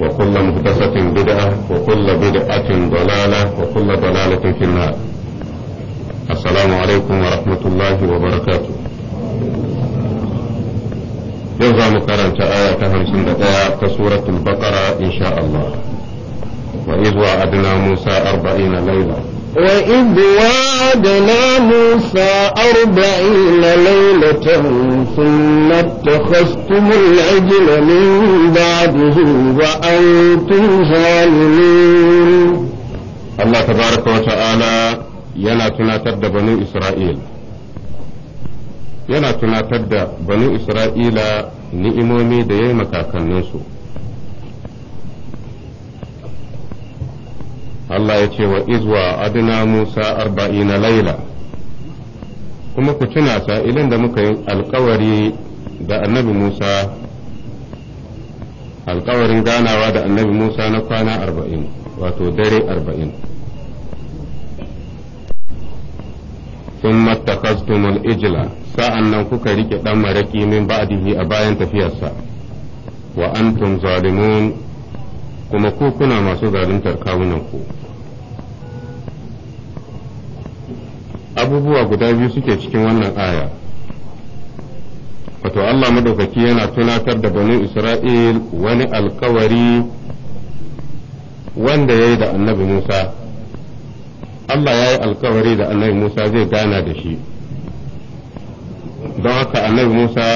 وكل محدثة بدعة وكل بدعة ضلالة وكل ضلالة في النار السلام عليكم ورحمة الله وبركاته يرضى مقارنة آية 51 سورة البقرة إن شاء الله وإذ وعدنا موسى أربعين ليلة وإذ وعدنا موسى أربعين ليلة ثم اتخذتم العجل من بعده وأنتم ظالمون الله تبارك وتعالى ينا تناتد بني إسرائيل yana tunatar da banu Isra'ila ni'imomi da ya yi makakanninsu. Allah ya ce wa izwa adna Musa na laila kuma ku tuna sa'ilin da muka yi alkawari da annabi Musa alkawarin ganawa da annabi Musa na kwana arba'in wato dare arba'in mata اتخذتم ijila sa'an nan kuka riƙe ɗan maraƙi min ba'dihi a bayan tafiyarsa wa antum zalimun kuma ko kuna masu zaluntar kawunanku abubuwa guda biyu suke cikin wannan aya wato Allah madaukaki yana tunatar da banu Isra'il wani alkawari wanda ya yi da annabi Musa Allah ya yi alkawari da annabi Musa zai gana da shi don haka annabi Musa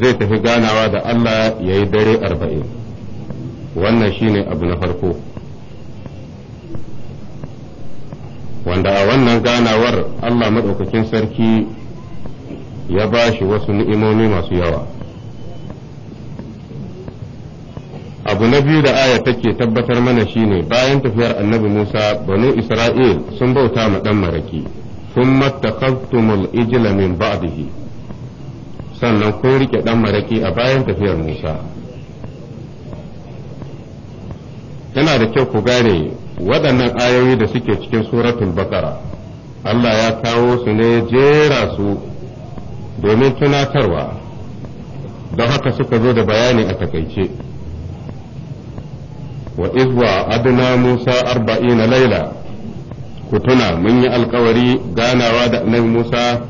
zai tafi ganawa da Allah ya yi dare arba'in wannan shine abu na farko wanda a wannan ganawar Allah maɗaukakin sarki ya ba shi wasu ni'imomi masu yawa abu na biyu da aya take tabbatar mana shine bayan tafiyar annabi Musa banu Isra'il sun bauta ma ɗan maraki sun matakaltumul الإجل من بعده sannan kun rike ɗan maraƙi a bayan tafiyar Musa yana da kyau ku gane waɗannan ayoyi da suke cikin suratul bakara Allah ya kawo su ne jera su domin tunatarwa don haka suka zo da bayani a takaice wa izwa adna musa arba'ina laila ku tuna mun yi alkawari ganawa da annabi musa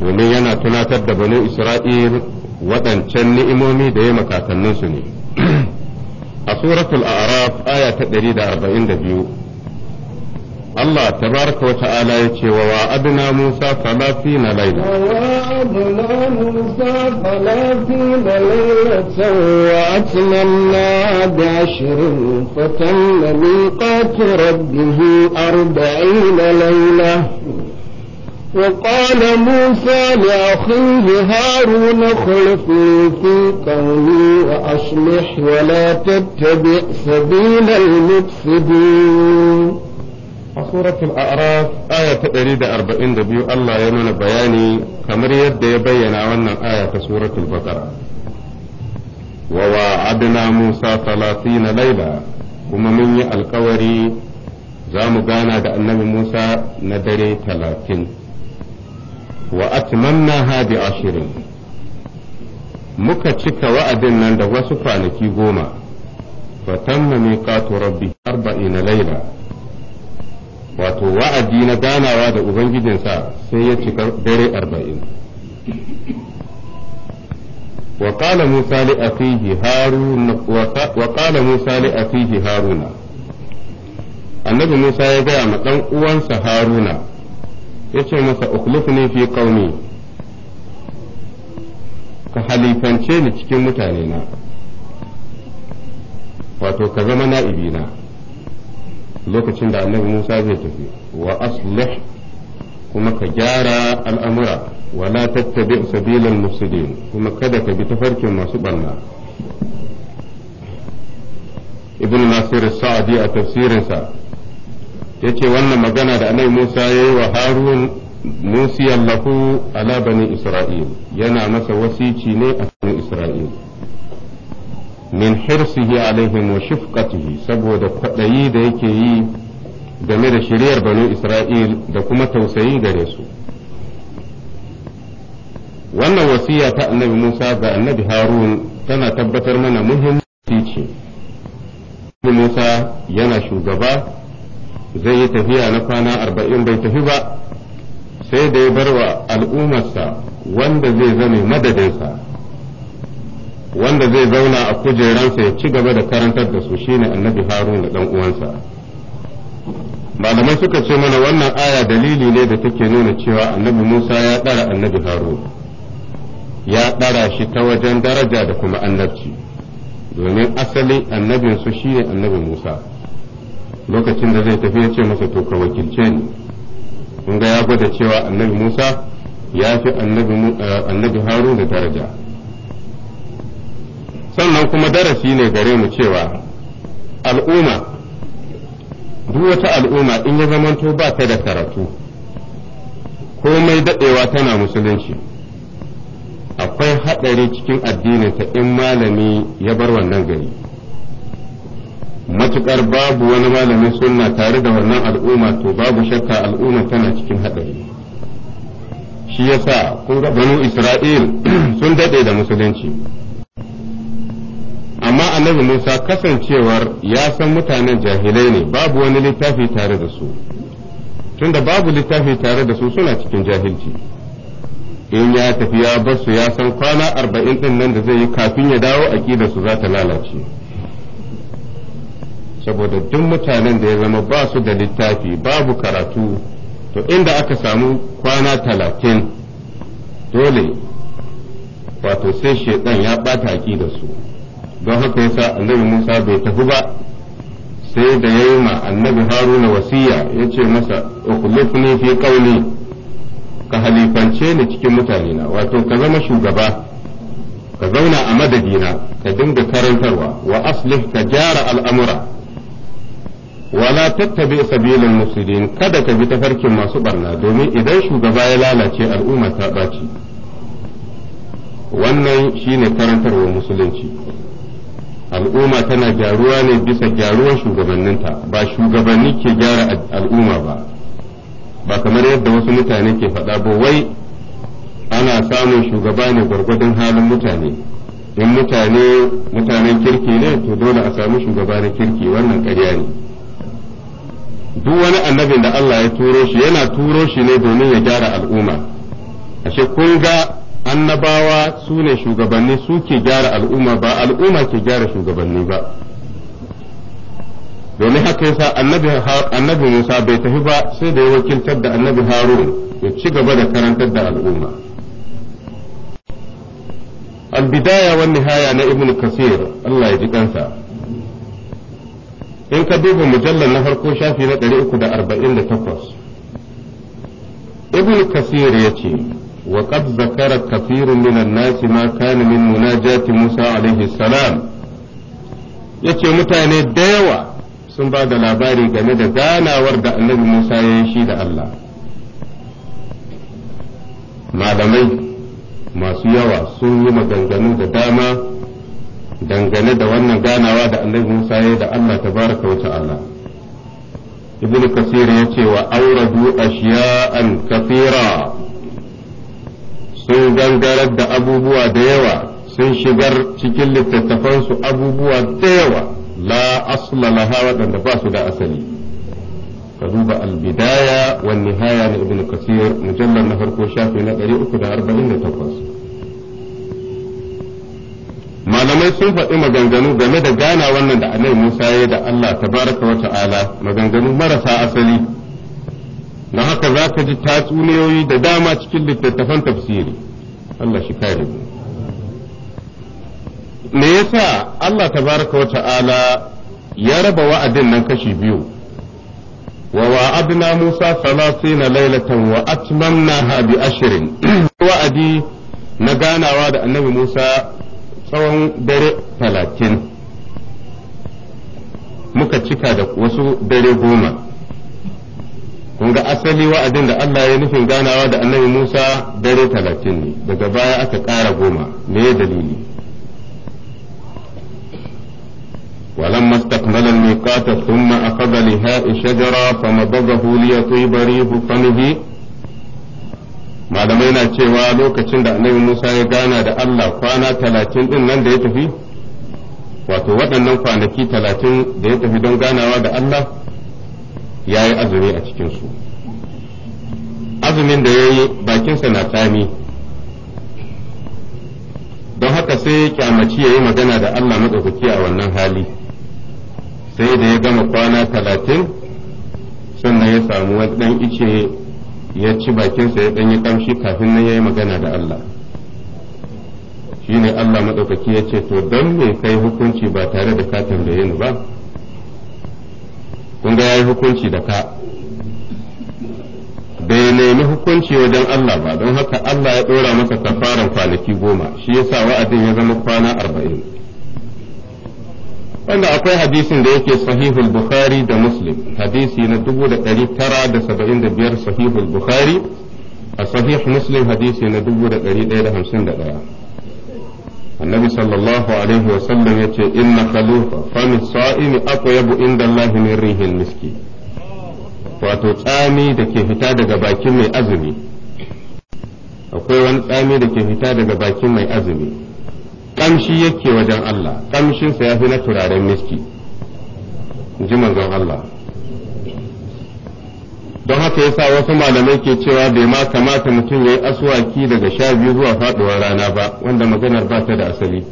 domin yana tunatar da bani isra'il waɗancan ni'imomi da ya makatanninsu ne a suratul a'raf aya ta 142 Allah tabaraka wa ta'ala yace wa wa'adna Musa 30 laila wa'adna Musa 30 lailatan wa atmanna bi ashrin fatamma miqat rabbih 40 layla وقال موسى لأخيه هارون خلفني في قومي وأصلح ولا تتبع سبيل المفسدين سورة الأعراف آية تريد أربعين دبيو الله يمن بياني كمر يد يبين عنا آية سورة البقرة ووعدنا موسى ثلاثين ليلة kuma mun yi alkawari za mu gana da annabi wa atmamnaha bi ashirin muka cika wa'adin nan da wasu kwanaki goma fa tamma miqatu rabbi arba'ina layla wato wa'adi na ganawa da ubangijinsa sai ya cika dare arba'in وقال موسى musa هارون وقال موسى لأخيه هارون النبي موسى uwansa Haruna. yace masa ukhlifni fi qaumi ka halifance ni cikin mutane na wato ka zama na'ibi na lokacin da annabi Musa zai tafi wa aslih kuma ka gyara al'amura la tattabi sabilan mufsidin kuma kada ka bi tafarkin masu barna ibn nasir sa'adi a tafsirinsa yace wannan magana da annabi Musa yayi wa Harun musiyan lafu ala bani Isra'il yana masa wasici ne a bani Isra'il min hirsihi alaihim wa shifqatihi saboda kwadayi da yake yi game da shiriyar bani Isra'il da kuma tausayi gare su wannan wasiya ta annabi Musa ga annabi Harun tana tabbatar mana muhimmanci ce Musa yana shugaba zai yi tafiya na kwana arba'in bai tafi ba sai da ya bar wa al'ummarsa wanda zai zame madadinsa wanda zai zauna a kujeransa ya ci gaba da karantar da su shine annabi haruna dan uwansa malamai suka ce mana wannan aya dalili ne da take nuna cewa annabi musa ya ɗara annabi haruna ya ɗara shi ta wajen daraja da kuma annabci domin asali annabinsu shine annabi musa lokacin da zai tafi ya ce masa to ka wakilce ni kun ga ya gwada cewa annabi Musa ya fi annabi eh, Harun da daraja sannan kuma darasi ne gare mu cewa al'umma duk wata al'umma in ya zamanto ba ta da karatu komai daɗewa tana musulunci akwai haɗari cikin addininta in malami ya bar wannan gari matuƙar babu wani malamin sunna tare da wannan al'umma to babu shakka al'umma tana cikin haɗari shi yasa kun ga banu isra'il sun daɗe da musulunci amma annabi musa kasancewar ya san mutanen jahilai ne babu wani littafi tare da su tunda babu littafi tare da su suna cikin jahilci in ya tafi ya basu ya san kwana arba'in ɗin nan da zai yi kafin ya dawo su za ta lalace saboda duk mutanen da ya zama ba su da littafi babu karatu to inda aka samu kwana talatin dole wato sai shaidan ya ɓata haƙi da su don haka yasa annabi musa bai tafi ba sai da ya yi ma annabi haruna wasiya ya ce masa ukhlifni fi kauni ka halifance ni cikin mutanena wato ka zama shugaba ka zauna a madadina ka dinga karantarwa wa aslih ka gyara al'amura wala tattabi sabilal mufsidin kada ka bi tafarkin masu barna domin idan shugaba ya lalace al'umma ta ɓaci wannan shine karantarwa musulunci al'umma tana gyaruwa ne bisa gyaruwar shugabanninta ba shugabanni ke gyara al'umma ba ba kamar yadda wasu mutane ke faɗa ba wai ana samun shugaba ne gwargwadon halin mutane in mutane mutanen kirki ne to dole a samu shugaba na kirki wannan ƙarya ne duk wani annabin da Allah ya turo shi yana turo shi ne domin ya gyara al'umma ashe kun ga annabawa su ne shugabanni su ke gyara al'umma ba al'umma ke gyara shugabanni ba domin haka yasa annabi Musa bai tafi ba sai da ya wakiltar da annabi Harun ya ci gaba da karantar da al'umma al-bidaya wan nihaya na ibnu kasir Allah ya ji kansa in ka duba mujallar na farko shafi na 348 ibn kasir ya ce wa qad zakara kafirun minan nasi ma kana min munajati musa alaihi salam yace mutane da yawa sun ba da labari game da ganawar da annabi musa ya yi shi da allah malamai masu yawa sun yi maganganu da dama dangane da wannan ganawa da annabi Musa ya da Allah tabaraka wa ta'ala ibnu kasir ya ce wa auradu ashiya'an kafira sun gangarar da abubuwa da yawa sun shigar cikin littattafansu abubuwa da yawa la asla laha waɗanda ba su da asali ka duba albidaya wa nihaya na ibnu kasir mujallar na farko shafi na 348 malamai sun faɗi maganganu game da gana wannan da annabi Musa ya da Allah tabaraka wa ta'ala maganganu marasa asali na haka za ka ji tatsuniyoyi da dama cikin littattafan tafsiri Allah shi kare me yasa Allah tabaraka wa ta'ala ya raba wa'adin nan kashi biyu wa wa'adna Musa 30 lailatan wa atmamnaha bi ashrin wa'adi na ganawa da annabi Musa tsawon dare talatin muka cika da wasu dare goma kun ga asali wa'adin da Allah ya nufin ganawa da annabi Musa dare talatin ne daga baya aka ƙara goma me dalili ولما استكمل الميقات ثم أخذ لهاء شجرة فمضغه ليطيب ريب فمه malamai na cewa lokacin da annabi Musa ya gana da Allah kwana talatin din nan da ya tafi wato waɗannan kwanaki talatin da ya tafi don ganawa da Allah ya yi azumi a cikinsu azumin da ya yi bakinsa na tsami don haka sai kyamaci ya yi magana da Allah maɗaukaki a wannan hali sai da ya gama kwana talatin sannan ya samu wani ɗan ice ya ci bakinsa ya ɗanyi ƙamshi kafin nan ya yi magana da Allah shi ne Allah maɗaukaki ya ce to don me kai hukunci ba tare da ka tambaye ni ba kun ga ya yi hukunci da ka bai nemi hukunci wajen Allah ba don haka Allah ya ɗora masa kafaran kwanaki goma shi yasa wa'adin ya zama kwana arba'in wanda akwai hadisin da yake sahihul bukhari da muslim hadisi na 1975 sahihul bukhari a sahih muslim hadisi na 1151 annabi sallallahu alaihi wa sallam yace inna khalufa fami sa'imi aqyabu inda allahi min rihil miski wato tsami da ke fita daga bakin mai azumi akwai wani tsami da ke fita daga bakin mai azumi ƙamshi yake wajen Allah ƙamshinsa ya fi na turaren miski ji manzon Allah don haka yasa wasu malamai ke cewa bai ma kamata mutum ya yi aswaki daga sha biyu zuwa faɗuwar rana ba wanda maganar ba ta da asali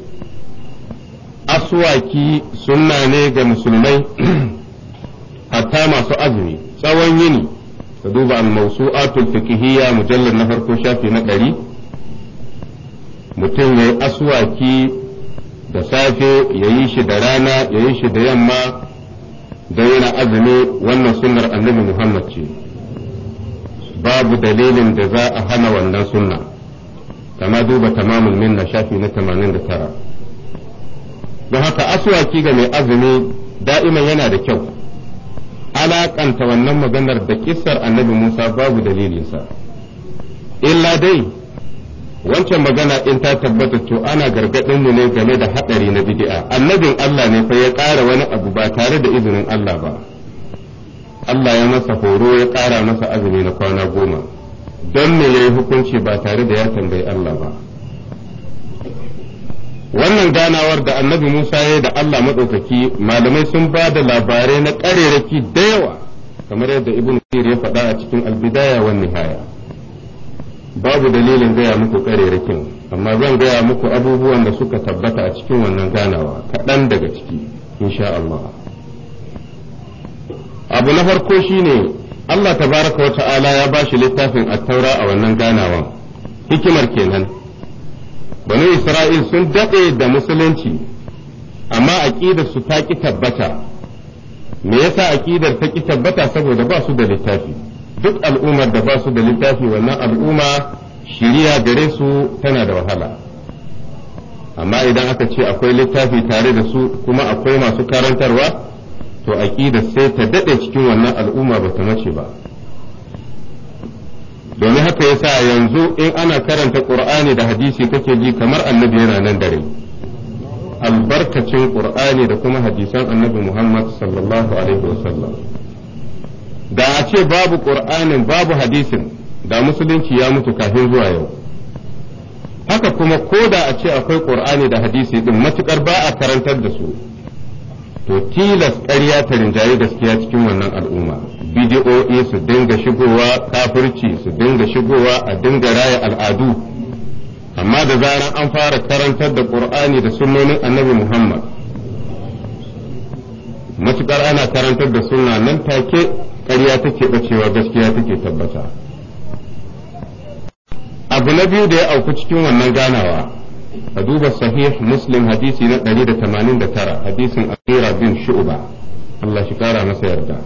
aswaki sunna ne ga musulmai hatta masu azumi tsawon yini ka duba al-mawsu'atul fiqhiyya mujallar na farko shafi na ɗari mutum ya yi aswaki da safe ya yi shi da rana ya yi shi da yamma don yana azumi wannan sunnar annabi muhammad ce babu dalilin da za a hana wannan sunna kama duba tamamul minna shafi na 89 don haka aswaki ga mai azumi da'iman yana da kyau alaƙanta wannan maganar da kissar annabi musa babu dalilinsa illa dai wancan magana in ta tabbata to ana gargaɗin mu ne game da haɗari na bid'a annabin Allah ne fa ya ƙara wani abu ba tare da izinin Allah ba Allah ya masa horo ya ƙara masa azumi na kwana goma don me ya yi hukunci ba tare da ya tambayi Allah ba wannan ganawar da annabi Musa ya da Allah maɗaukaki malamai sun ba da labarai na ƙareraki da yawa kamar yadda ibn Kathir ya faɗa a cikin al-bidaya wa nihaya babu dalilin gaya muku rikin amma zan gaya muku abubuwan da suka tabbata a cikin wannan ganawa kaɗan daga ciki insha Allah abu na farko shine Allah tabaraka wa ta'ala ya bashi littafin attaura a wannan ganawan hikimar kenan bani Isra'il sun daɗe da musulunci amma aƙidar su ta ƙi tabbata me yasa aƙidar ta ƙi tabbata saboda ba su da littafi duk al'ummar da ba su da littafi wannan al'umma shiriya gare su tana da wahala amma idan aka ce akwai littafi tare da su kuma akwai masu karantarwa to aƙida sai ta daɗe cikin wannan al'umma ba ta mace ba domin haka yasa yanzu in ana karanta ƙur'ani da hadisi kake ji kamar annabi yana nan dare albarkacin ƙur'ani da kuma hadisan annabi muhammad sallallahu alaihi wasallam da a ce babu ƙur'anin babu hadisin da musulunci ya mutu kafin zuwa yau haka kuma ko da a ce akwai ƙur'ani da hadisi din matukar ba a karantar da su to tilas ƙarya ta rinjaye gaskiya cikin wannan al'umma bidiyo'i su dinga shigowa kafirci su dinga shigowa a dinga raya al'adu amma da zaran an fara karantar da ƙur'ani da sunnonin annabi muhammad matukar ana karantar da suna nan take ƙarya take ɓacewa gaskiya take tabbata abu na biyu da ya auku cikin wannan ganawa a duba sahih muslim hadisi na 189 hadisin akira bin Shu'uba, Allah shi kara masa yarda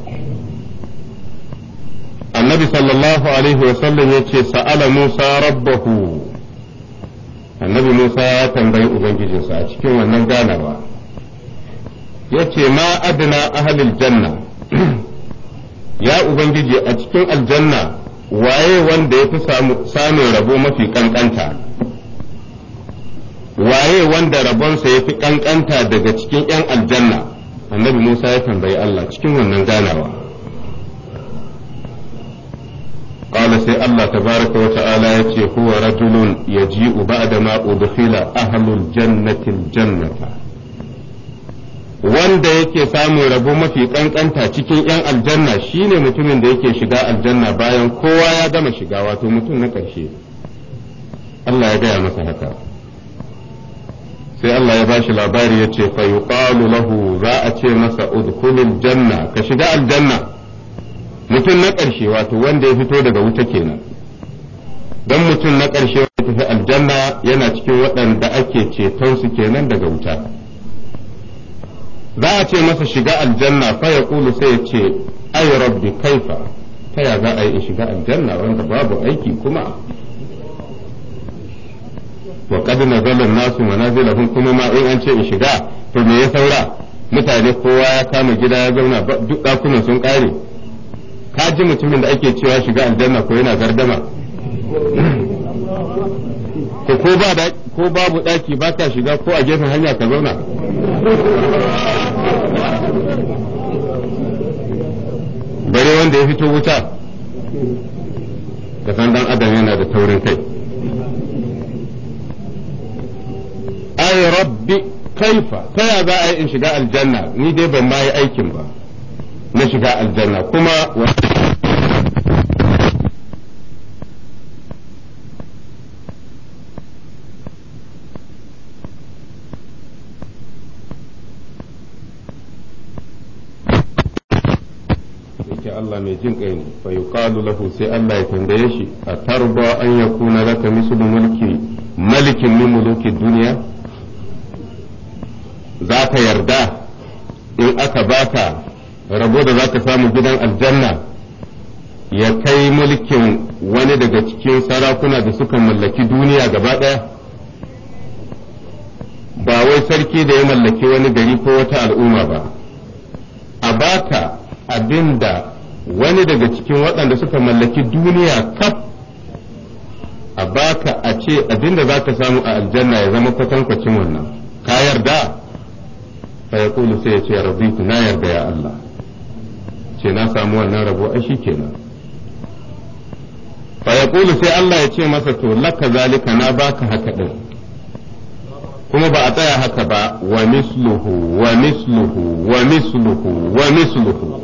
annabi sallallahu alaihi wasallam ya ce sa'ala musa rabbahu annabi musa ya tambayi ubangijinsa a cikin wannan ganawa ya ce ma adana ahlil janna ya ubangiji a cikin aljanna waye wanda ya fi samun rabo mafi kankanta waye wanda rabonsa ya fi kankanta daga cikin 'yan aljanna annabi musa ya tambayi allah cikin wannan ganawa sai قال سي الله تبارك وتعالى يتي هو رجل يجيء بعد ما أدخل أهل الجنة الجنة wanda yake samun rabo mafi kankanta cikin ‘yan aljanna shine mutumin da yake shiga aljanna bayan kowa ya gama shiga wato mutum na ƙarshe Allah ya gaya masa haka sai Allah ya bashi labari ya ce fayuqalu lahu za a ce masa udkhulil janna ka shiga aljanna mutum na ƙarshe wato wanda ya fito daga wuta kenan dan mutum na ƙarshe wanda tafi aljanna yana cikin waɗanda ake ceton su kenan daga wuta za a ce masa shiga aljanna fa ya kulu sai ya ce ai rabbi kaifa ta ya za a yi shiga aljanna wanda babu aiki kuma wa qad nazala nasu manazilahum kuma ma in an ce in shiga to me ya saura mutane kowa ya kama gida ya zauna duk dakunan sun kare ka ji mutumin da ake cewa shiga aljanna ko yana gardama ko ko babu ɗaki ba ta shiga ko a gefen hanya ka zauna bare wanda ya fito wuta da san dan adam yana da taurin kai ay rabbi kaifa ta ya za a yi in shiga aljanna ni dai ban ma aikin ba na shiga aljanna kuma wani Allah mai jin kai ne fa yuqalu lahu sai Allah ya tambaye shi a an yakuna laka mislu mulki malikin min muluki duniya za ka yarda in aka baka rabo da za ka samu gidan aljanna ya kai mulkin wani daga cikin sarakuna da suka mallaki duniya gaba ɗaya ba wai sarki da ya mallaki wani gari ko wata al'umma ba a baka abin da wani daga cikin waɗanda suka mallaki duniya kaf a baka a ce abinda za ka samu a aljanna ya zama kwatankwacin wannan ka yarda fa ya kulu sai ya ce rabitu na yarda ya Allah ce na samu wannan rabo a shi kenan fa ya kulu sai Allah ya ce masa to laka zalika na baka haka din kuma ba a tsaya haka ba wa misluhu wa misluhu wa misluhu wa misluhu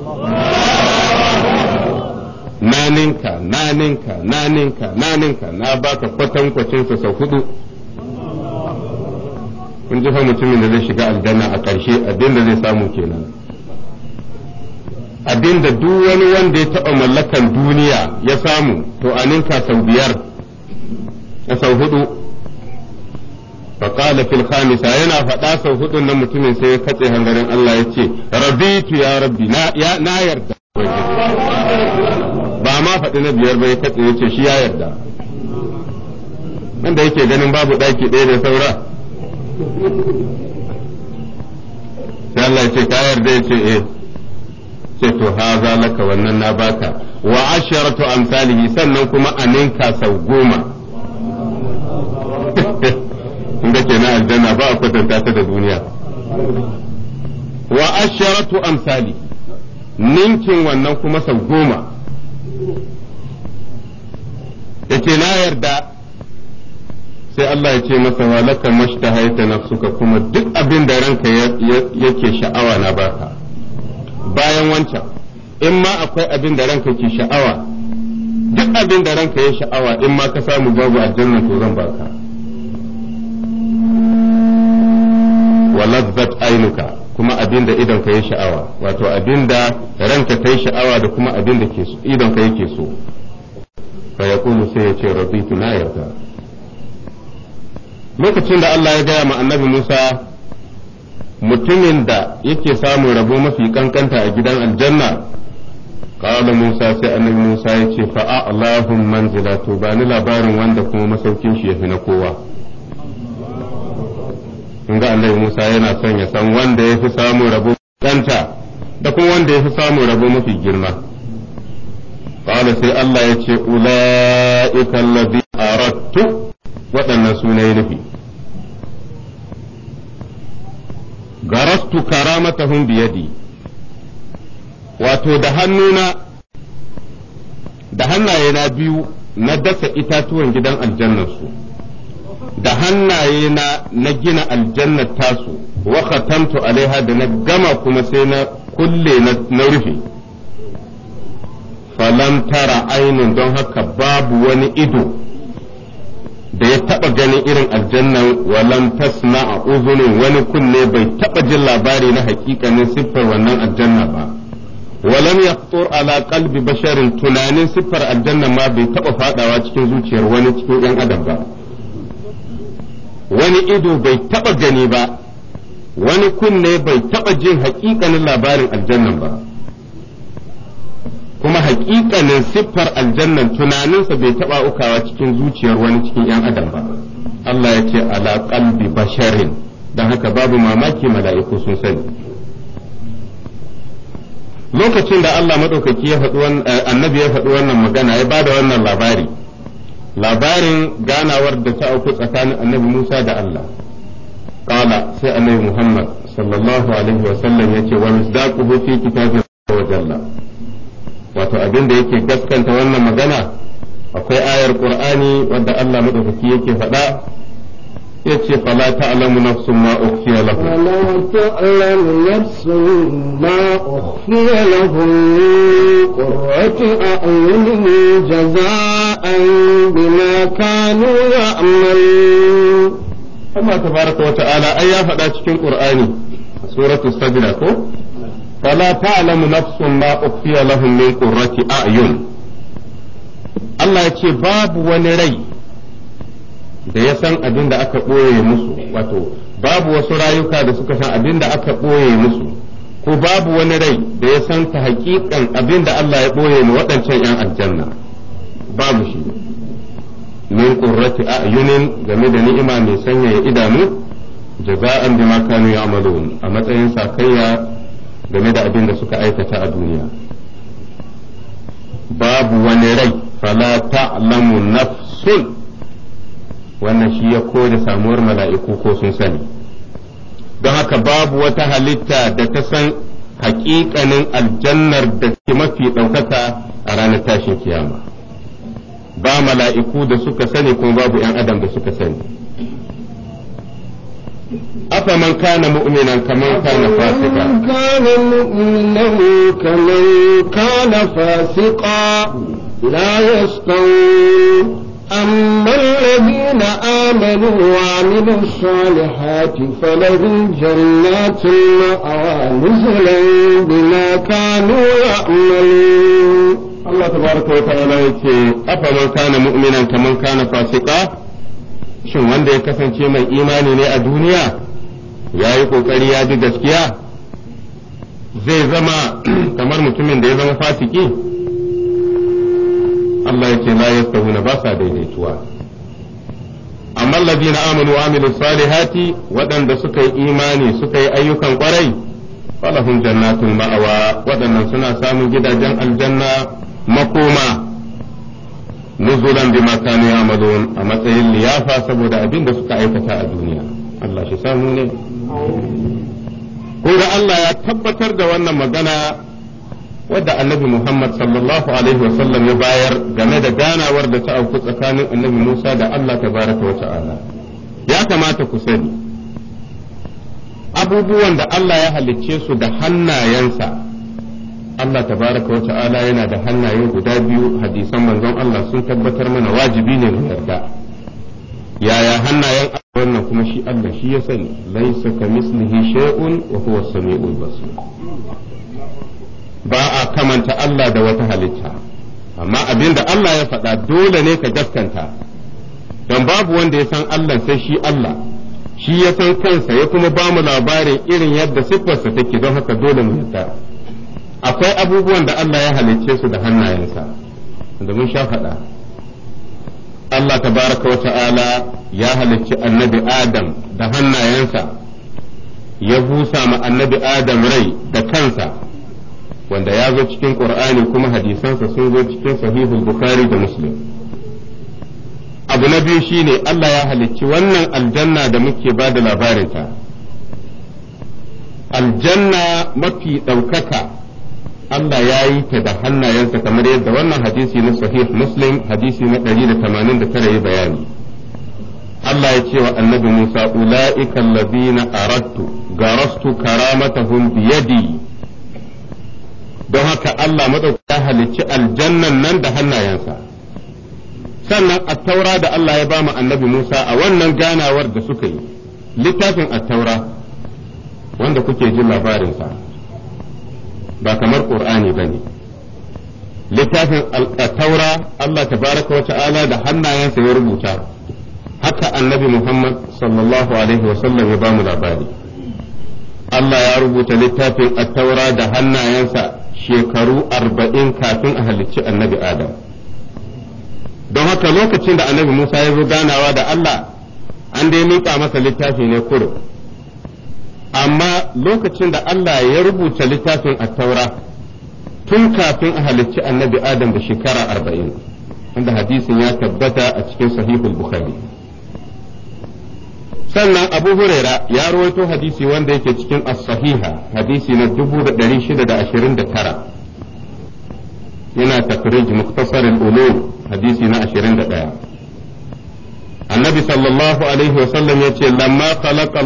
naninka naninka naninka naninka na baka kwatan kwacin sa sau hudu kun ji fa mutumin da zai shiga aljanna a ƙarshe abin da zai samu kenan abin da duk wani wanda ya taɓa mallakan duniya ya samu to aninka sau biyar a sau hudu فقال fil khamisa yana faɗa sau huɗu na mutumin sai ya katse hangarin Allah ya ce rabitu ya rabbi na yarda ba ma faɗi na biyar ba ya katse ya ce shi ya yarda wanda yake ganin babu ɗaki ɗaya da saura sai Allah ya ce ka yarda ya ce eh ce to haza laka wannan na baka wa asharatu amsalihi sannan kuma a ninka sau goma inda ke na aljanna ba a kwatanta ta da duniya wa asharatu amsali ninkin wannan kuma sau goma yake na yarda sai Allah ya ce masa walaka mashtahaita nafsuka kuma duk abin da ranka yake sha'awa na baka bayan wancan in ma akwai abin da ranka ke sha'awa duk abin da ranka ya sha'awa in ma ka samu babu aljanna to zan baka walazzat ainuka kuma abin da idan ka sha'awa wato abin da ranka ta yi sha'awa da kuma abin da idan ka yake so fa ya sai ya ce raditu na yarda lokacin da Allah ya gaya ma annabi Musa mutumin da yake samun rabo mafi kankanta a gidan aljanna qala Musa sai annabi Musa ya ce fa manzila to ba ni labarin wanda kuma masaukin shi ya fi na kowa in ga annabi Musa yana son ya san wanda ya fi samun rabo kanta da kuma wanda ya fi samun rabo mafi girma qala sai Allah ya ce ulaika a aradtu waɗannan sunaye nufi garastu karamatahum biyadi wato da hannuna da hannaye na biyu na dasa itatuwan gidan aljannarsu da hannaye na na gina aljanna tasu wa khatamtu alaiha da na gama kuma sai na kulle na rufe falam tara ainun don haka babu wani ido da ya taba ganin irin aljannan walam tasma a uzunin wani kunne bai taba jin labari na hakikanin siffar wannan aljanna ba walam yaqtur ala qalbi basharin tunanin siffar aljanna ma bai taba fadawa cikin zuciyar wani cikin yan adam ba wani ido bai taɓa gani ba wani kunne bai taɓa jin haƙiƙanin labarin aljannan ba kuma haƙiƙanin siffar aljannan tunaninsa bai taɓa ukawa cikin zuciyar wani cikin 'yan adam ba Allah ya ce ala qalbi basharin don haka babu mamaki mala'iku sun sani lokacin da Allah maɗaukaki eh, annabi ya faɗi wannan magana ya bada wannan labari labarin ganawar da ta auku tsakanin annabi Musa da Allah qala sai annabi Muhammad sallallahu alaihi wa sallam yace wa misdaquhu fi kitabi wa jalla wato abin da yake gaskanta wannan magana akwai ayar qur'ani wadda Allah madaukaki yake faɗa yace fala ta'lamu nafsun ma ukhfiya lahum fala ta'lamu nafsun ma ukhfiya lahum qurratu a'yunin jaza'an bima kanu ya'malun Allah tabaraka wa ta'ala ai ya faɗa cikin Qur'ani suratu sajda ko fala ta'lamu nafsun ma ukhfiya lahum min qurrati a'yun Allah ya ce babu wani rai da ya san abin da aka ɓoye musu wato babu wasu rayuka da suka san abin da aka ɓoye musu ko babu wani rai da ya san ta haƙiƙan abin da Allah ya ɓoye mu waɗancan 'yan aljanna babu shi min a yunin game da ni'ima mai sanyaya idanu jaza'an bima kanu ya'malun a matsayin sakayya game da abin da suka aikata a duniya babu wani rai fala ta'lamu nafsun wannan shi ya da samuwar mala'iku ko sun sani don haka babu wata halitta da ta san hakikanin aljannar da ke mafi ɗaukaka a ranar tashin kiyama ba mala'iku da suka sani kuma babu ‘yan adam da suka sani afa man kana mu'minan kaman kana fasika kana mu'minan kaman kana fasika la yastawun أما الذين آمنوا وعملوا الصالحات فلهم جنات المأوى نزلا بما كانوا يعملون الله تبارك وتعالى يقول كان مؤمنا كمن كان فاسقا shin wanda ya kasance mai imani ne a duniya ya yi ƙoƙari ya ji gaskiya zai zama kamar mutumin da ya zama fasiki Allah yake la yastawuna ba sa daidaituwa amma alladhina amanu wa amilus salihati waɗanda suka yi imani suka yi ayyukan kwarai falahum jannatul ma'awa waɗannan suna samun gidajen aljanna makoma nuzulan bima kanu ya'malun a matsayin liyafa saboda abin da suka aikata a duniya Allah shi samu ne ko da Allah ya tabbatar da wannan magana wadda annabi Muhammad sallallahu alaihi wasallam ya bayar game da ganawar da ta auku tsakanin annabi Musa da Allah tabaraka wa ta'ala ya kamata ku sani abubuwan da Allah ya halicce su da hannayensa Allah tabaraka wa ta'ala yana da hannaye guda biyu hadisan manzon Allah sun tabbatar mana wajibi ne mu yarda yaya hannayen wannan kuma shi Allah shi ya sani laisa kamislihi shay'un wa huwa samiul basir ba a kamanta Allah da wata halitta amma abin da Allah ya faɗa dole ne ka gaskanta don babu wanda ya san Allah sai shi Allah shi ya san kansa ya kuma ba mu labarin irin yadda siffarsa take don haka dole mu yarda akwai abubuwan da Allah ya halicce su da hannayensa da mun sha faɗa Allah tabaraka wa ta'ala ya halicci annabi Adam da hannayensa ya busa ma annabi Adam rai da kansa wanda ya zo cikin ƙur'ani kuma hadisansa sun zo cikin sahihul bukhari da muslim abu na biyu shine Allah ya halicci wannan aljanna da muke ba da labarinta aljanna mafi ɗaukaka Allah ya yi ta da hannayensa kamar yadda wannan hadisi na sahih muslim hadisi na 189 ya bayani Allah ya ce wa annabi Musa ula'ika na arattu garastu karamatahum biyadi don haka Allah ya halicci aljannan nan da hannayensa sannan attaura da Allah ya ba mu annabi Musa a wannan ganawar da suka yi littafin attaura wanda kuke jin labarinsa ba kamar ƙur'ani ba ne littafin attaura Allah baraka wa ta'ala da hannayensa ya rubuta haka annabi Muhammad sallallahu alaihi wasallam ya ba mu labari Allah ya rubuta littafin attaura da hannayensa shekaru arba'in kafin a halicci annabi adam don haka lokacin da annabi musa ya zo ganawa da allah an dai miƙa masa littafi ne kuro amma lokacin da allah ya rubuta littafin taura tun kafin a halicci annabi adam da shekara arba'in inda hadisin ya tabbata a cikin sahihul bukhari sannan abu huraira ya rawaito hadisi wanda yake cikin as-sahiha hadisi na 1629 yana takrij muktasar al-ulum hadisi na 21 annabi sallallahu alaihi wa sallam yace lamma khalaqa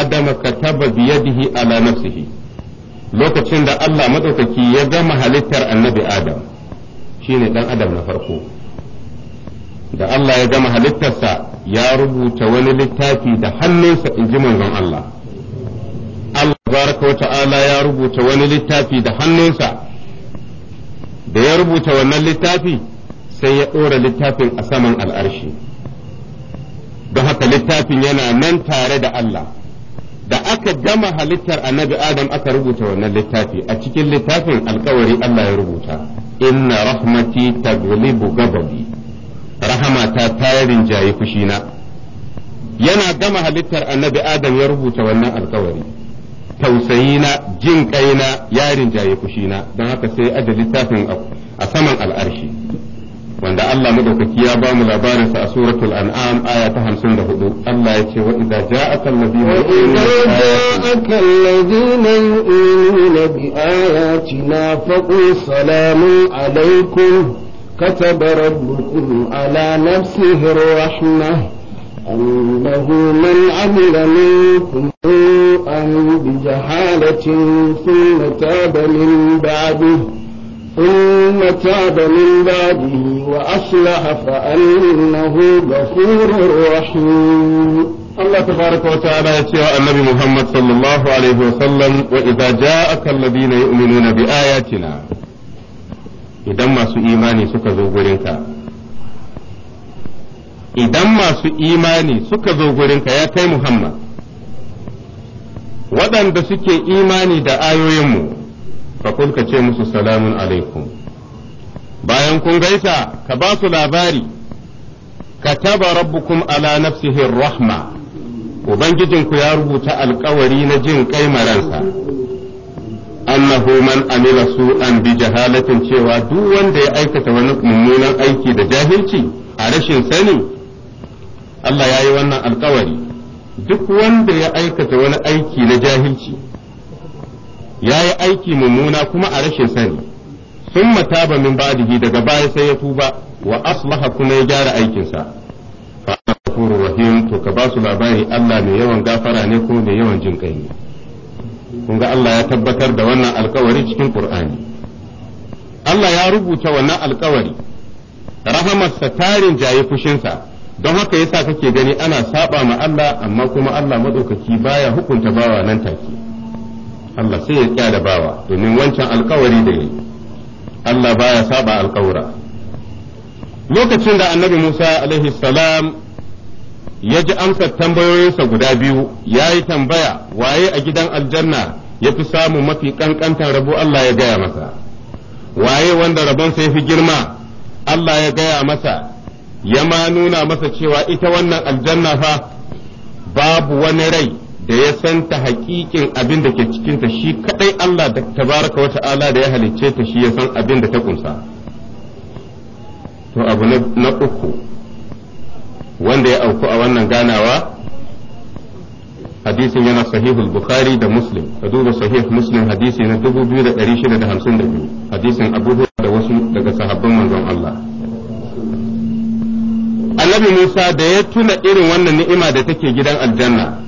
adama kataba bi yadihi ala nafsihi lokacin da Allah madaukaki ya gama halittar annabi adam shine dan adam na farko da Allah ya gama halittarsa ya rubuta wani littafi da hannunsa in ji manzon Allah. Allah baraka wa ta'ala ya rubuta wani littafi da hannunsa, da ya rubuta wannan littafi sai ya ɗora littafin a saman al'arshi. Don haka littafin yana nan tare da Allah. Da aka gama halittar annabi Adam aka rubuta wannan littafi, a cikin littafin alkawari Allah ya rubuta, Inna rahmati taglibu babi. rahama ta rinjaye jayi na yana gama halittar annabi adam ya rubuta wannan alkawari tausayina jin kaina yarin jaye kushina don haka sai aje littafin a saman al'arshi wanda Allah madaukaki ya ba mu labarin a suratul an'am aya ta 54 Allah ya ce wa idza ja'aka alladhina yu'minuna bi ayatina faqul salamu alaykum كتب ربكم على نفسه الرحمة أنه من عمل منكم سوءا بجهالة ثم تاب من بعده ثم تاب من بعده وأصلح فأنه غفور رحيم الله تبارك وتعالى يتيا النبي محمد صلى الله عليه وسلم وإذا جاءك الذين يؤمنون بآياتنا idan masu imani suka zo gurinka idan masu imani suka zo gurinka ya kai Muhammad waɗanda suke imani da ayoyinmu fa kulka ce musu salamun alaikum bayan kun gaisa ka ba su labari ka taba rabbukum ala nafsihi rahma ubangijinku ya rubuta alkawari na jin kai maransa annahu man amila su'an bi jahalatin cewa duk wanda ya aikata wani mummunan aiki da jahilci a rashin sani Allah ya yi wannan alkawari duk wanda ya aikata wani aiki na jahilci ya yi aiki mummuna kuma a rashin sani sun mata mataba min badihi daga baya sai ya tuba wa aslaha kuma ya gyara aikinsa fa rahim to ka ba su labari Allah mai yawan gafara ne ko mai yawan jin kai ne kun ga Allah ya tabbatar da wannan alkawari cikin Qur'ani Allah ya rubuta wannan alkawari rahamarsa tarin jaye fushinsa don haka yasa kake gani ana saba ma Allah amma kuma Allah madaukaki baya hukunta bawa nan take Allah sai ya kyale bawa domin wancan alkawari da yayi Allah baya saba alkawura lokacin da annabi Musa alaihi salam ya ji amsa tambayoyinsa guda biyu ya yi tambaya waye a gidan aljanna ya fi samu mafi ƙanƙantar rabo Allah ya gaya masa waye wanda rabonsa ya fi girma Allah ya gaya masa ya ma nuna masa cewa ita wannan aljanna fa babu wani rai da ya san ta haƙiƙin abin da ke cikinta shi kaɗai Allah da tabaraka wa ta'ala da ya halicce ta shi ya san abin da ta ƙunsa to abu na uku wanda ya auku a wannan ganawa hadisin yana sahihul bukhari da muslim ka duba sahih muslim hadisi na 2652 hadisin abu da wasu daga sahabban manzon Allah annabi Musa da ya tuna irin wannan ni'ima da take gidan aljanna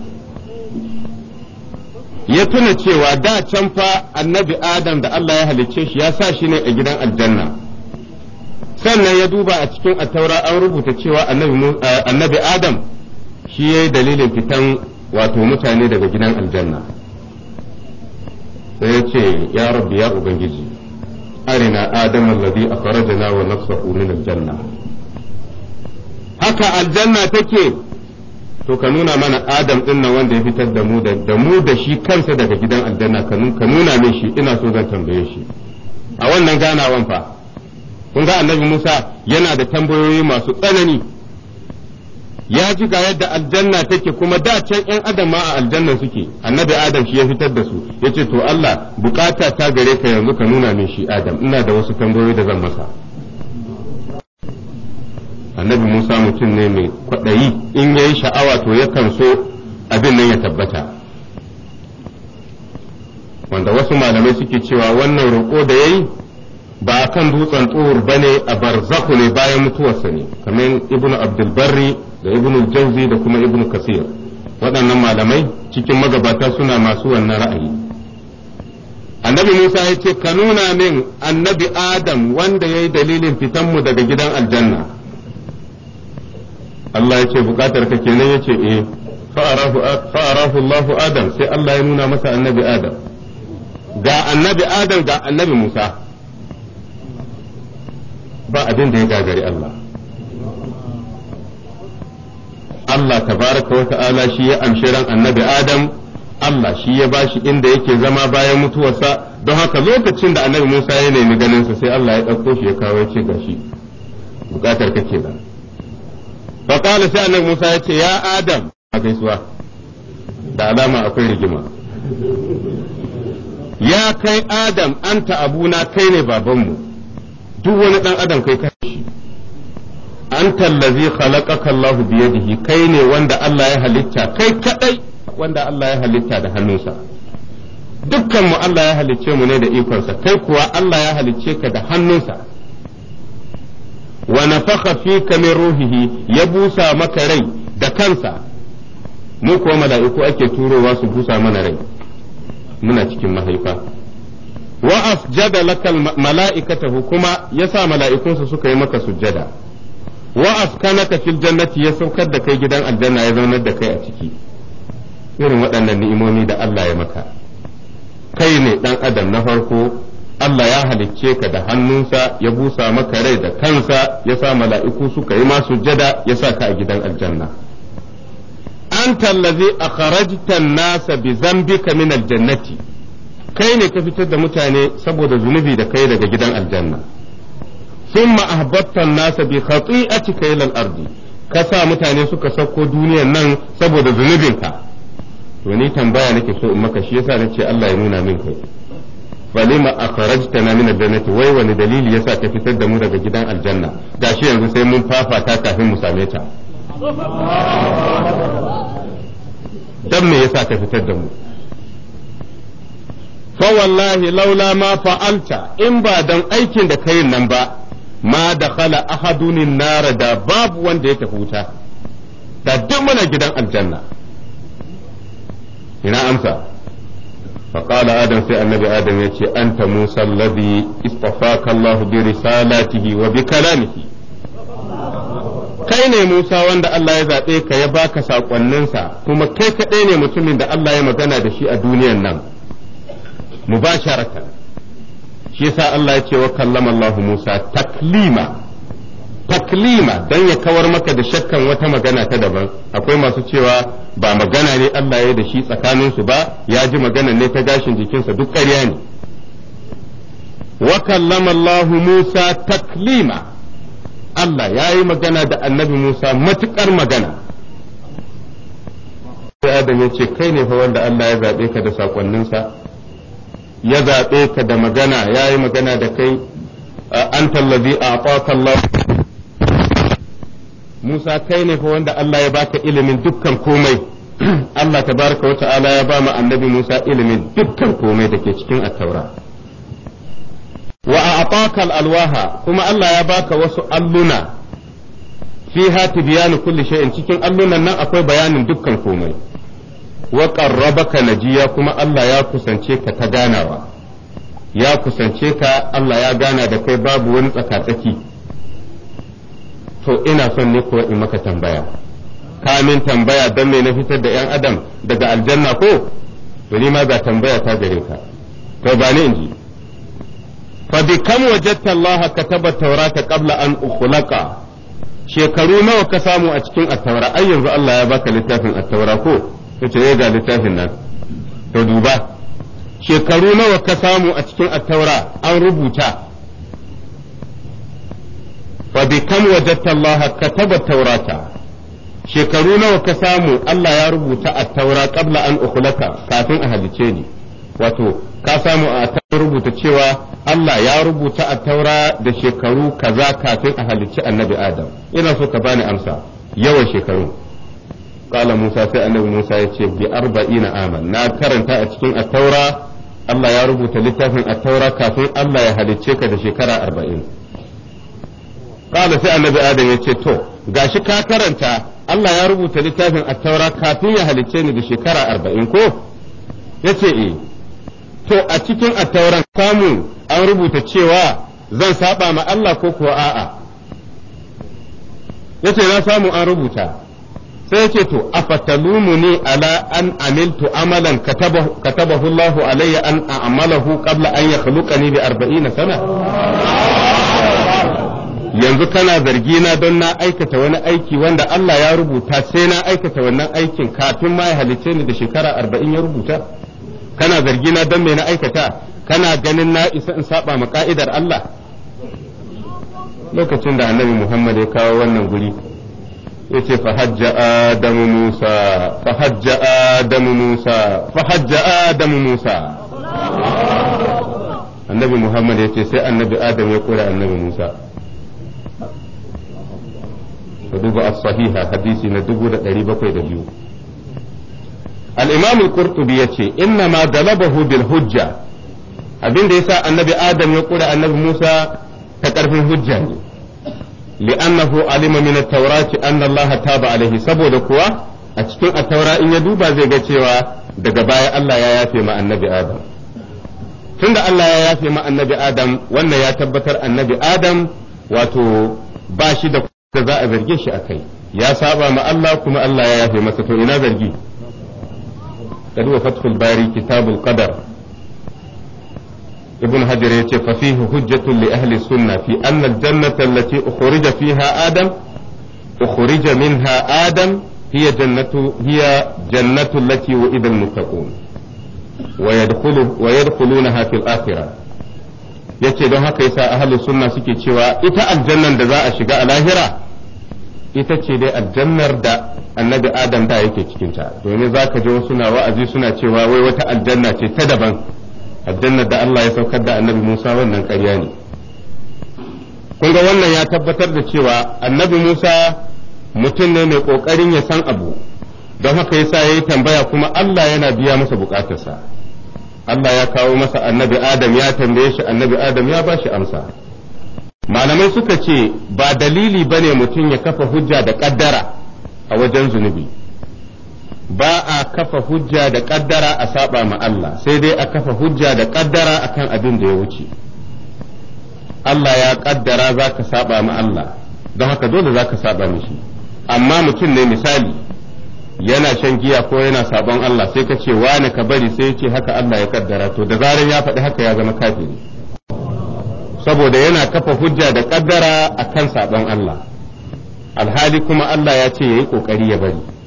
ya tuna cewa da can fa annabi Adam da Allah ya halicce shi ya sa shi ne a gidan aljanna sannan ya duba a cikin attaura an rubuta cewa annabi adam shi ya yi dalilin fitan wato mutane daga gidan aljanna sai ya ce ya rabbi ya ubangiji arina adam alladhi akhrajana wa nafsahu min aljanna haka aljanna take to ka nuna mana adam din nan wanda ya fitar da mu da shi kansa daga gidan aljanna ka nuna min shi ina so zan tambaye shi a wannan ganawan fa kun ga annabi Musa yana da tambayoyi masu tsanani ya ji ga yadda aljanna take kuma da can yan adam ma a aljanna suke annabi adam shi ya fitar da su yace to Allah bukata ta gare ka yanzu ka nuna min shi adam ina da wasu tambayoyi da zan masa annabi Musa mutum ne mai kwaɗayi in yayi sha'awa to yakan so abin nan ya tabbata wanda wasu malamai suke cewa wannan roƙo da yayi ba kan dutsen tsohon ba ne a barzaku ne bayan mutuwarsa ne kamar ibnu abdulbarri da ibnu jauzi da kuma ibnu kasir waɗannan malamai cikin magabata suna masu wannan ra'ayi annabi musa ya ce ka nuna min annabi adam wanda ya yi dalilin fitanmu daga gidan aljanna allah ya ce bukatar ka kenan ya ce eh fa'arahu allahu adam sai allah ya nuna masa annabi adam ga annabi adam ga annabi musa ba abin da ya gagari Allah Allah tabaraka wa ta'ala shi ya amshi ran annabi Adam Allah shi ya bashi inda yake zama bayan mutuwarsa don haka lokacin da annabi Musa ya nemi ganinsa sai Allah ya ɗauko shi ya kawo ya ce gashi bukatar kake da faƙala sai annabi Musa ya ce ya Adam a gaisuwa da alama akwai rigima ya kai Adam anta abuna kai ne babanmu duk wani dan adam kai kai anta allazi khalaqaka Allah biyadihi kai ne wanda Allah ya halitta kai kadai wanda Allah ya halitta da hannunsa dukkan mu Allah ya halicce mu ne da ikonsa kai kuwa Allah ya halicce ka da hannunsa wa nafakha fika min ruhihi ya busa maka rai da kansa mu kuwa mala'iku ake turowa su busa mana rai muna cikin mahaifa wa afjada lakal mala'ikatahu kuma yasa mala'ikunsa suka yi maka sujjada wa ka fil jannati ya saukar da kai gidan aljanna ya zaunar da kai a ciki irin waɗannan ni'imomi da Allah ya maka kai ne dan adam na farko Allah ya halicce ka da hannunsa ya busa maka rai da kansa ya sa mala'iku suka yi ma sujjada ya sa ka a gidan aljanna anta allazi akhrajta an-nasa bi ka min al-jannati kai ne ka fitar da mutane saboda zunubi da kai daga gidan aljanna sun ahbattan nasa bi khati'ati kailal ardi ka sa mutane suka sauko duniyan nan saboda zunubinka to ni tambaya nake so in maka shi yasa nace Allah ya nuna min kai falima na min aljannati wai wani dalili yasa ka fitar da mu daga gidan aljanna gashi yanzu sai mun fafata kafin mu same ta dan me yasa ka fitar da mu fa wallahi laula ma fa'alta in ba dan aikin da kayin nan ba ma dakhala ahadunin nara da babu wanda ya tafuta. da duk muna gidan aljanna ina amsa annabi adam في النبي آدم يتي أنت موسى الذي اصطفاك الله برسالاته وبكلامه kai ne Musa wanda Allah ya zabe ka ya baka saƙonninsa kuma kai kaɗai ne mutumin da Allah ya magana da shi a duniyan nan mubasharatan shi yasa Allah ya ce wa kallama Allah Musa taklima taklima dan ya kawar maka da shakkan wata magana ta daban akwai masu cewa ba magana ne Allah ya da shi tsakaninsu ba ya ji magana ne ta gashin jikinsa duk ƙarya ne wa kallama Allah Musa taklima Allah ya yi magana da annabi Musa matukar magana. Sai Adam ya ce, Kai ne fa wanda Allah ya zaɓe ka da saƙonninsa, ya zaɓe ka da magana ya yi magana da kai an tallabi a Allah Musa kai ne fa wanda Allah ya baka ilimin dukkan komai Allah baraka wa ta'ala ya ba mu annabi Musa ilimin dukkan komai da ke cikin attaura wa a'taka alwaha kuma Allah ya baka wasu alluna fiha biyani kulli shay'in cikin allunan nan akwai bayanin dukkan komai wa qarrabaka najiya kuma Allah ya kusance ka ta ganawa ya kusance ka Allah ya gana da kai babu wani tsakatsaki to ina son ne kuwa in maka tambaya min tambaya don me na fitar da 'yan adam daga aljanna ko to ni ma ga tambaya ta gare ka to ba ni in ji fa bi kam wajadta Allah kataba tawrata qabla an ukhlaqa shekaru nawa ka samu a cikin attaura ai yanzu Allah ya baka littafin attaura ko ya eh, ga littafin nan to duba shekaru nawa ka samu a cikin attaura an rubuta wa bi kam wajadta Allah kataba taurata shekaru nawa ka samu Allah ya rubuta attaura kabla an ukhlaka kafin a halice ni wato ka samu a rubuta cewa Allah ya rubuta taura da shekaru kaza kafin a halicci annabi Adam ina so ka bani amsa yawan shekaru qala musa sai annabi musa ya ce bi arba'ina aman na karanta a cikin at-taura Allah ya rubuta littafin at-taura kafin Allah ya halicce ka da shekara 40 qala sai annabi adam ya ce to gashi ka karanta Allah ya rubuta littafin at-taura kafin ya halicce ni da shekara 40 ko yace eh to a cikin at-tauran samu an rubuta cewa zan saba ma Allah ko ko a'a yace na samu an rubuta sai ce to fatalumu ne ala an amiltu amalan katabahu Allah alayya an a'malahu qabla an yakhluqani bi 40 sana yanzu kana zargi na don na aikata wani aiki wanda Allah ya rubuta sai na aikata wannan aikin kafin ma ya halice ni da shekara arba'in ya rubuta kana zargi na don me na aikata kana ganin na isa in saba ma ka'idar Allah lokacin da annabi Muhammad ya kawo wannan guri yace fa hajja adamu musa fa hajja adamu musa fa hajja adamu musa annabi muhammad yace sai annabi adam ya kura annabi musa ka duba as-sahiha hadisi na 1702 al-imam al-qurtubi yace inna ma galabahu bil hujja abinda yasa annabi adam ya kura annabi musa ta karfin hujja ne li'annahu alima min at-taurati anna Allah taba alaihi saboda kuwa a cikin at-taura in ya duba zai ga cewa daga baya Allah ya yafe ma annabi Adam tunda Allah ya yafe ma annabi Adam wanda ya tabbatar annabi Adam wato ba shi da da za a zarge shi akai ya saba ma Allah kuma Allah ya yafe masa ko ina zargi kadu fathul bari kitabul qadar ibn hajar yace fa fihi hujjatun li ahli sunna fi anna al-jannata allati ukhrija fiha adam ukhrija minha adam hiya jannatu hiya jannatu allati wa'ida al-muttaqun wa yadkhulu wa yadkhulunaha fil akhirah yace don haka yasa ahli sunna suke cewa ita aljannan da za a shiga a lahira ita ce dai aljannar da annabi adam da yake cikinta domin za ka ji wasu na wa'azi suna cewa wai wata aljanna ce ta daban aljannar da Allah ya saukar da annabi Musa wannan ƙarya ne kun ga wannan ya tabbatar da cewa annabi Musa mutum ne mai ƙoƙarin ya san abu don haka yasa ya yi tambaya kuma Allah yana biya masa buƙatarsa Allah ya kawo masa annabi Adam ya tambaye shi annabi Adam ya ba shi amsa malamai suka ce ba dalili bane mutum ya kafa hujja da ƙaddara a wajen zunubi ba a kafa hujja da kaddara a saba ma Allah sai dai a kafa hujja da kaddara akan abin da ya wuce Allah ya kaddara za ka saba ma Allah don haka dole za ka saba mishi amma mutum ne misali yana shan giya ko yana sabon Allah sai ka ce wani ka bari sai yace haka Allah ya kaddara to da zarar ya faɗi haka ya zama kafiri saboda yana kafa hujja da kaddara akan sabon Allah alhali kuma Allah ya ce yayi kokari ya bari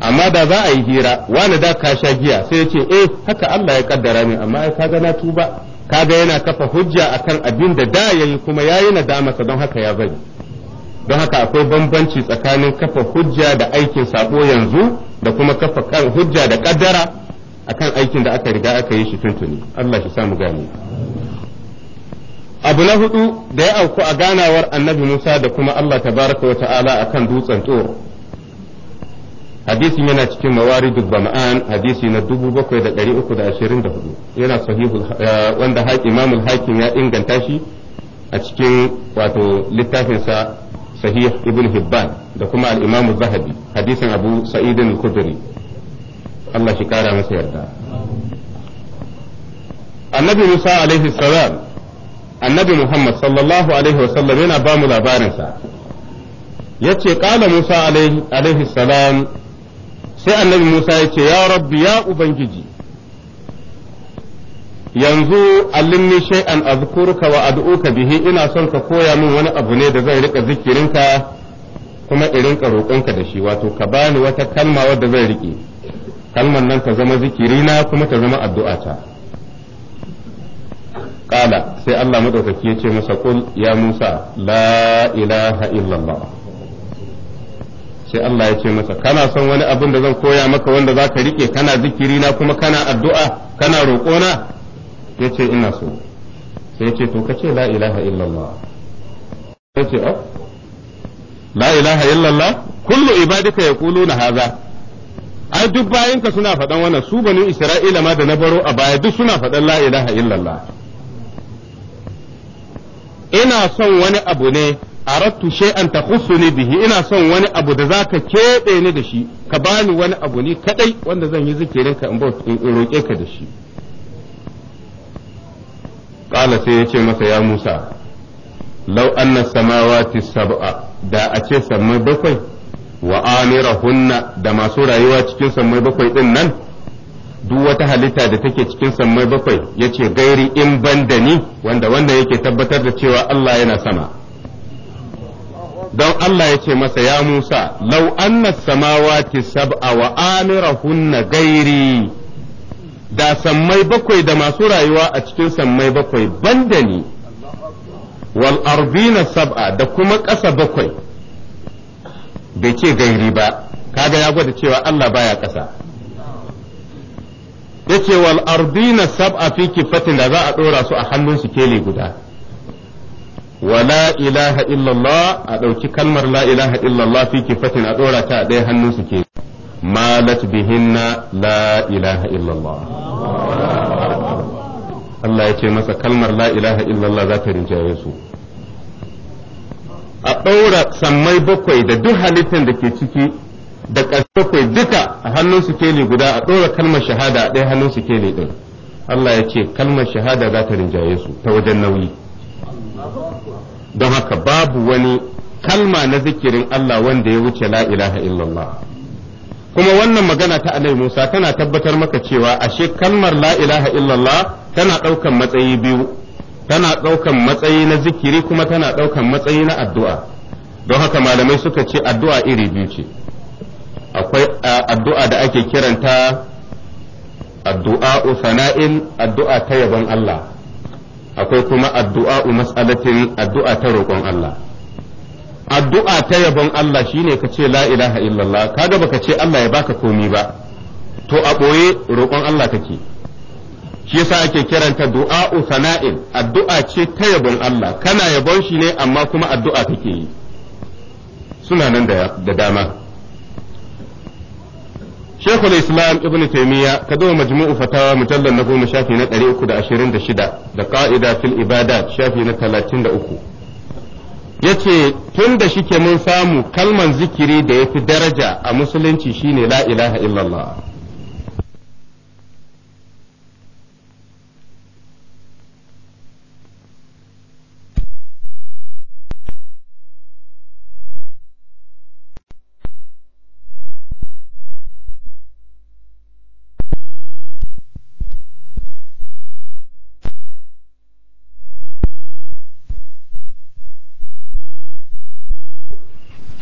amma da za a yi hira wani da ka sha giya sai ya ce eh haka Allah ya kaddara ne amma ai kaga na tuba kaga yana kafa hujja akan abin da da yayi kuma yayi nadama sa don haka ya bari don haka akwai bambanci tsakanin kafa hujja da aikin sabo yanzu da kuma kafa kan hujja da kaddara akan aikin da aka riga aka yi shi tuntuni Allah shi samu gane abu na hudu da ya auku a ganawar annabi Musa da kuma Allah tabaraka wa ta'ala akan dutsen tsoro hadisi yana cikin mawari mawaridu zama'an hadisi na dubu bakwai da da da uku ashirin hudu yana sahihu eh, wanda haƙi imamul hakim ya inganta shi a cikin wato littafinsa sahih ibn hibban da kuma al-imamu zahabi hadisin abu sa'id al Allah shi kara masa yarda annabi musa alaihi salam annabi muhammad sallallahu alaihi wasallam yana ba mu labarinsa ya ce ƙala musa alaihi salam sai annabi Musa ya ce ya rabbi ya ubangiji yanzu allimni shay'an azkuruka wa ad'uka bihi ina son ka koya min wani abu ne da zai rika zikirinka kuma irin rinka roƙonka da shi wato ka bani wata kalma wadda zai rike kalman nan ta zama zikirina kuma ta zama addu'ata ƙala sai Allah madaukaki ya ce masa qul ya Musa la ilaha illallah sai Allah ya ce masa kana son wani abin da zan koya maka wanda za ka rike kana zikiri na kuma kana addu'a kana roƙona ya ce ina so sai ce to ka ce la ilaha illallah sai ce oh la ilaha illallah kullu ibadika na haza ai duk bayanka suna faɗan wannan su banu isra'ila ma da na baro a baya duk suna faɗan la ilaha illallah ina son wani abu ne arattu shay'an takhussuni bihi ina son wani abu da zaka keɓe ni da shi ka bani wani abu ni kaɗai wanda zan yi zikirin ka in roƙe ka da shi qala sai ya ce masa ya Musa law anna samawati sab'a da a ce sammai bakwai wa amirahunna da masu rayuwa cikin sammai bakwai din nan duk wata halitta da take cikin sammai bakwai yace gairi in ban da ni wanda wannan yake tabbatar da cewa Allah yana sama don Allah ya ce masa ya Musa lau anna samawati sab'a wa amirahunna gairi da sammai bakwai da masu rayuwa a cikin sammai bakwai banda ni wal ardina sab'a da kuma ƙasa bakwai bai ce gairi ba kaga ya gwada cewa Allah baya ƙasa yace wal ardina sab'a fi kifatin da za a dora su a hannun su kele guda wa la ilaha illallah a ɗauki kalmar la ilaha illallah fi kifatin a ɗora ta a ɗaya hannun su ke malat bihinna la ilaha illallah Allah ya ce masa kalmar la ilaha illallah za ta rinjaye su a ɗaura sammai bakwai da duk halittar da ke ciki da ƙarshe bakwai duka a hannun su keli guda a ɗora kalmar shahada a ɗaya hannun su ke keli ɗin Allah ya ce kalmar shahada za ta rinjaye su ta wajen nauyi don haka babu wani kalma na zikirin Allah wanda ya wuce la ilaha illallah kuma wannan magana ta Annabi Musa tana tabbatar maka cewa ashe kalmar la ilaha illallah tana ɗaukan matsayi biyu tana ɗaukan matsayi na zikiri kuma tana ɗaukan matsayi na addu'a don haka malamai suka ce addu'a iri biyu ce akwai addu'a da ake kiranta addu'a sana'in addu'a ta yabon Allah akwai kuma addu'a mas'alatin addu'a ta roƙon Allah addu'a ta yabon Allah shine ka ce la ilaha illallah kaga baka ce Allah ya baka komi ba to a ɓoye roƙon Allah kake shi yasa ake kiranta du'a'u sana'in addu'a ce ta yabon Allah kana yabon shi ne amma kuma addu'a kake yi suna nan da dama Shekul Islam Ibn taimiyya ka zo majmu'u fatawa mujallar na goma shafi na ɗari uku da ashirin da shida da ƙa'ida fil ibada shafi na talatin da uku. Ya ce tun da shike mun samu kalman zikiri da ya fi daraja a musulunci shine la ilaha illallah.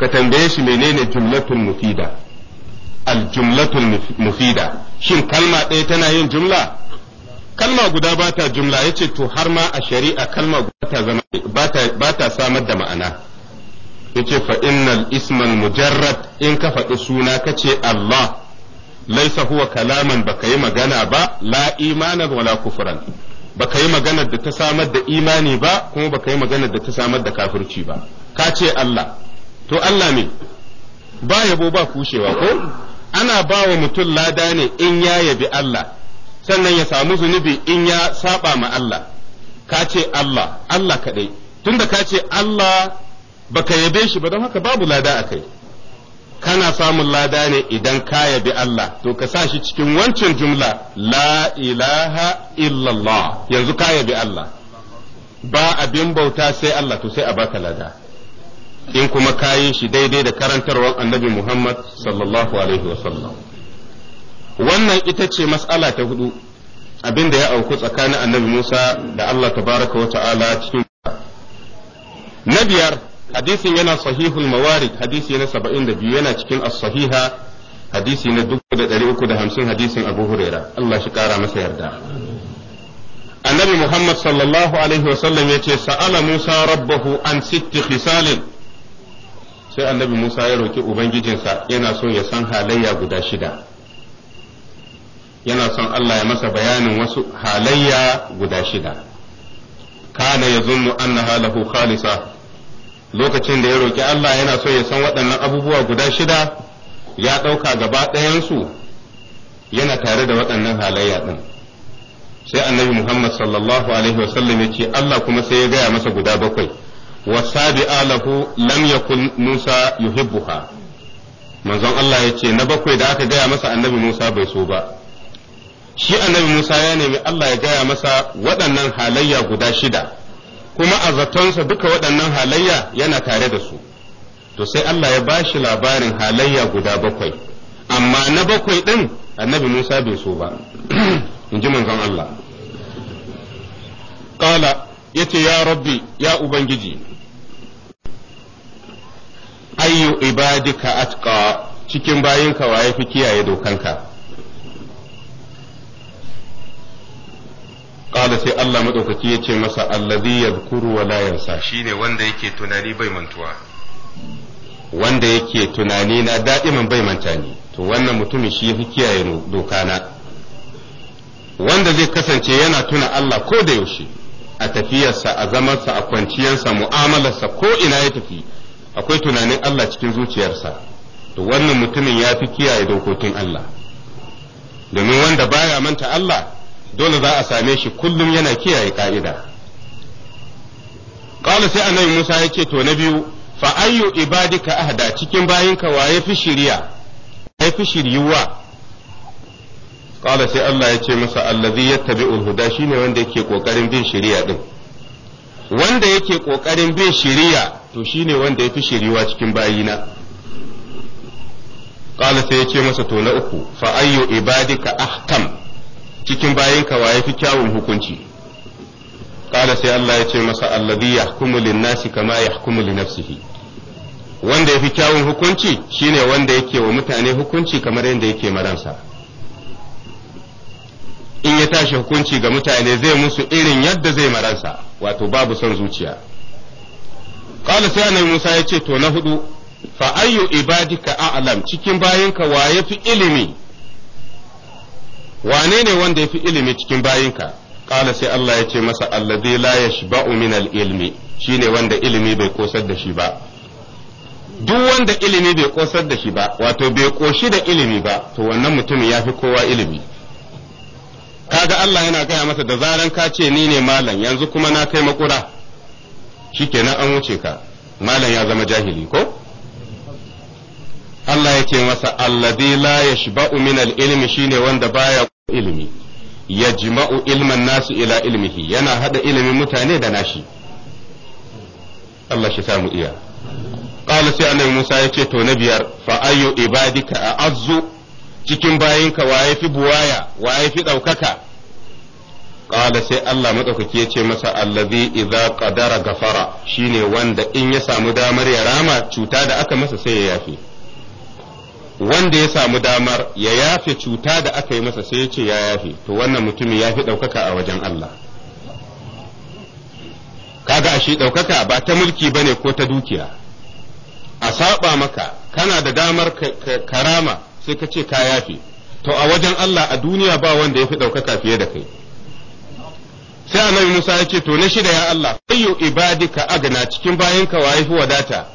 ka tambaye shi menene jumlatul mufida al-jumlatul mufida shin kalma ɗaya tana yin jumla kalma guda ba ta jumla ya ce to har ma a shari'a kalma guda ba ta samar da ma'ana ya ce fa'innal isman mujarrad in ka faɗi suna ka ce Allah laisa huwa kalaman baka yi magana ba la imanan wala kufran baka yi maganar da ta samar da imani ba kuma baka yi maganar da ta samar da kafirci ba ka ce Allah to Allah ne ba yabo ba kushewa ko ana ba wa mutum lada ne in ya yabi Allah sannan ya samu zunubi in ya saba ma Allah ka ce Allah Allah kaɗai tunda ka ce Allah baka yabe shi ba don haka babu lada a kai kana samun lada ne idan ka yabi Allah to ka sa shi cikin wancan jumla la ilaha illallah yanzu ka yabi Allah ba abin bauta sai Allah to sai a baka lada in kuma kayi shi daidai da karantarwar annabi Muhammad sallallahu alaihi wasallam wannan ita ce mas'ala ta hudu abin da ya auku tsakanin annabi Musa da Allah tabaraka wa ta'ala cikin na biyar hadisin yana sahihul mawari hadisi na saba'in da biyu yana cikin as-sahiha hadisi na dubu da da uku 350 hadisin Abu Huraira Allah shi kara masa yarda annabi Muhammad sallallahu alaihi wasallam ce sa'ala Musa rabbahu an sitti khisalin sai annabi Musa ya roki ubangijinsa yana so ya san halayya guda shida yana son Allah ya masa bayanin wasu halayya guda shida kana ya zunnu annaha lahu khalisa lokacin da ya roki Allah yana so ya san waɗannan abubuwa guda shida ya ɗauka gaba ɗayansu yana tare da waɗannan halayya ɗin sai annabi Muhammad sallallahu alaihi wasallam ya ce Allah kuma sai ya gaya masa guda bakwai wasabi'a lahu lam yakun Musa yuhibbuha manzon Allah ya ce na bakwai da aka gaya masa annabi Musa bai so ba shi annabi Musa ya nemi Allah ya gaya masa waɗannan halayya guda shida kuma a zatonsa duka waɗannan halayya yana tare da su to sai Allah ya bashi labarin halayya guda bakwai amma na bakwai ɗin annabi Musa bai so ba in ji manzon Allah qala yace ya rabbi ya ubangiji ayyu ibadika atqa cikin bayinka waye fi kiyaye dokanka qala sai Allah madaukaki yace masa allazi yadhkuru wa la yansa shine wanda yake tunani bai mantuwa wanda yake tunani na da'iman bai manta ni to wannan mutumin shi yafi kiyaye dokana wanda zai kasance yana tuna Allah ko da yaushe a tafiyarsa a zamansa a kwanciyarsa mu'amalarsa ko ina ya tafi akwai tunanin Allah cikin zuciyarsa to wannan mutumin ya fi kiyaye dokokin Allah domin wanda baya manta Allah dole za a same shi kullum yana kiyaye ka'ida qala sai annabi Musa ya ce to na biyu fa ayyu ibadika ahda cikin bayinka waye fi shiriya waye fi shiriyuwa qala sai Allah ya ce masa allazi yattabi'ul huda shine wanda yake kokarin bin shiriya din wanda yake ƙoƙarin bin shiriya to shine wanda ya fi shiriwa cikin bayina ƙala sai ya ce masa to na uku fa ayyu ibadika ahkam cikin bayinka wa yafi fi kyawun hukunci ƙala sai Allah ya ce masa alladhi yahkumu lin-nasi kama yahkumu li nafsihi wanda ya fi kyawun hukunci shine wanda yake wa mutane hukunci kamar yadda yake maransa in ya tashi hukunci ga mutane zai musu irin yadda zai maransa wato babu son zuciya qala sai annabi Musa ya ce to na hudu fa ayyu ibadika a'lam cikin bayinka wa yafi ilimi wane ne wanda yafi ilimi cikin bayinka kala sai Allah ya ce masa alladhi la yashba'u min al-ilmi shine wanda ilimi bai kosar da shi ba duk wanda ilimi bai kosar da shi ba wato bai koshi da ilimi ba to wannan mutumin yafi kowa ilimi kaga Allah yana gaya masa da zaran ka ce ni ne malam yanzu kuma na kai makura shikenan an wuce ka malam ya zama jahili ko Allah yake masa alladhi la yashba'u min al-ilmi shine wanda baya ilimi yajma'u ilman nasu ila ilmihi yana hada ilimin mutane da nashi Allah shi samu iya qala sai annabi Musa ce to na biyar fa ayyu ibadika a'azzu cikin bayinka waye fi buwaya waye fi ɗaukaka ƙala sai Allah maɗaukaki ya ce masa allazi idza qadara gafara shine wanda in ya samu damar ya rama cuta da aka masa sai ya yafe wanda ya samu damar ya yafe cuta da aka yi masa sai ya ce ya yafe to wannan mutumin ya fi ɗaukaka a wajen Allah kaga ashe ɗaukaka ba ta mulki bane ko ta dukiya a saba maka kana da damar karama sai ka ce ka yafe to a wajen Allah a duniya ba wanda ya fi ɗaukaka fiye da kai sai annabi Musa ya ce to na shida ya Allah ayyu ibadika agna cikin bayinka waye fi wadata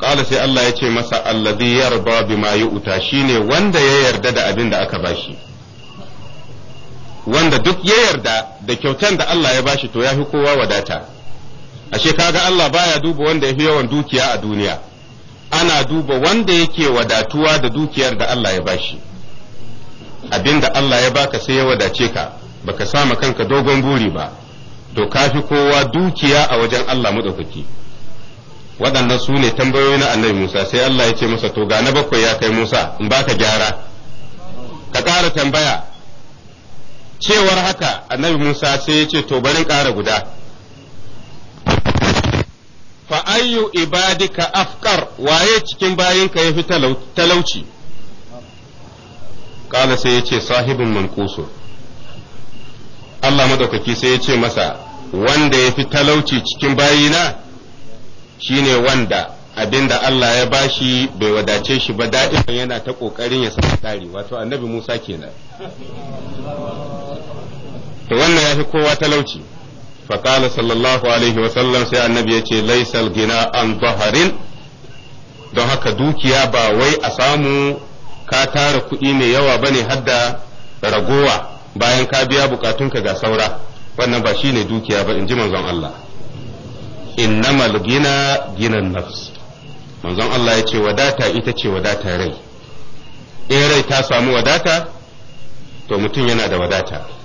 qala sai Allah ya ce masa allazi yarda bima yu'ta shine wanda ya yarda da abin da aka bashi wanda duk ya yarda da kyautan da Allah ya bashi to yafi kowa wadata ashe kaga Allah baya duba wanda ya fi yawan dukiya a duniya ana duba wanda yake wadatuwa da dukiyar da Allah ya bashi abinda Allah ya baka sai ya wadace ka baka sama kanka dogon buri ba to kafi kowa dukiya a wajen Allah madaukaki waɗannan su ne tambayoyi na annabi Musa sai Allah ya ce masa to ga na bakwai ya kai Musa in baka gyara ka ƙara tambaya cewar haka annabi Musa sai ya ce to bari ƙara guda fa ayyu ibadika afkar waye cikin bayinka yafi talauci kala sai ya ce sahibin mankusu Allah maɗaukaki sai yace masa wanda yafi talauci cikin bayina shine wanda abinda Allah ya bashi bai wadace shi ba da'iman yana ta kokarin ya samu tsari wato annabi Musa kenan to wannan yafi kowa talauci faƙala sallallahu alaihi wasallam sai annabi ya ce laisal gina an zaharin don haka dukiya ba wai a samu ka tara kuɗi mai yawa ba ne hadda ragowa bayan ka biya bukatunka ga saura wannan ba shine dukiya ba in ji manzon Allah innamal gina ginan nafs manzon Allah ya ce wadata ita ce wadata rai in rai ta samu wadata to mutum yana da wadata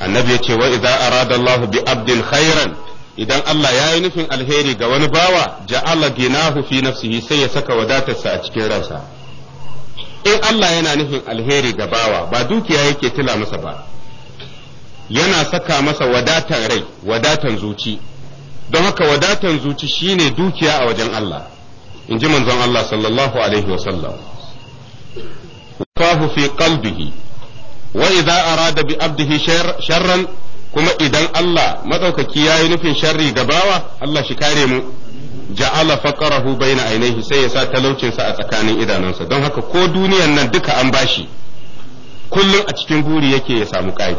annabi ya ce wa idza arada Allah bi abdin khairan idan Allah ya yi nufin alheri ga wani bawa ja'ala ginahu fi nafsihi sai ya saka wadatarsa a cikin ransa in Allah yana nufin alheri ga bawa ba dukiya yake tila masa ba yana saka masa wadatan rai wadatan zuci don haka wadatan zuci shine dukiya a wajen Allah in ji manzon Allah sallallahu alaihi wa sallam fi qalbihi wa idza arada bi abdihi sharran kuma idan Allah madaukaki yayi nufin sharri ga bawa Allah shi kare mu ja'ala faqarahu baina ainihi sai ya sa talaucin sa a tsakanin idanunsa don haka ko duniyan nan duka an bashi kullum a cikin guri yake ya samu ƙari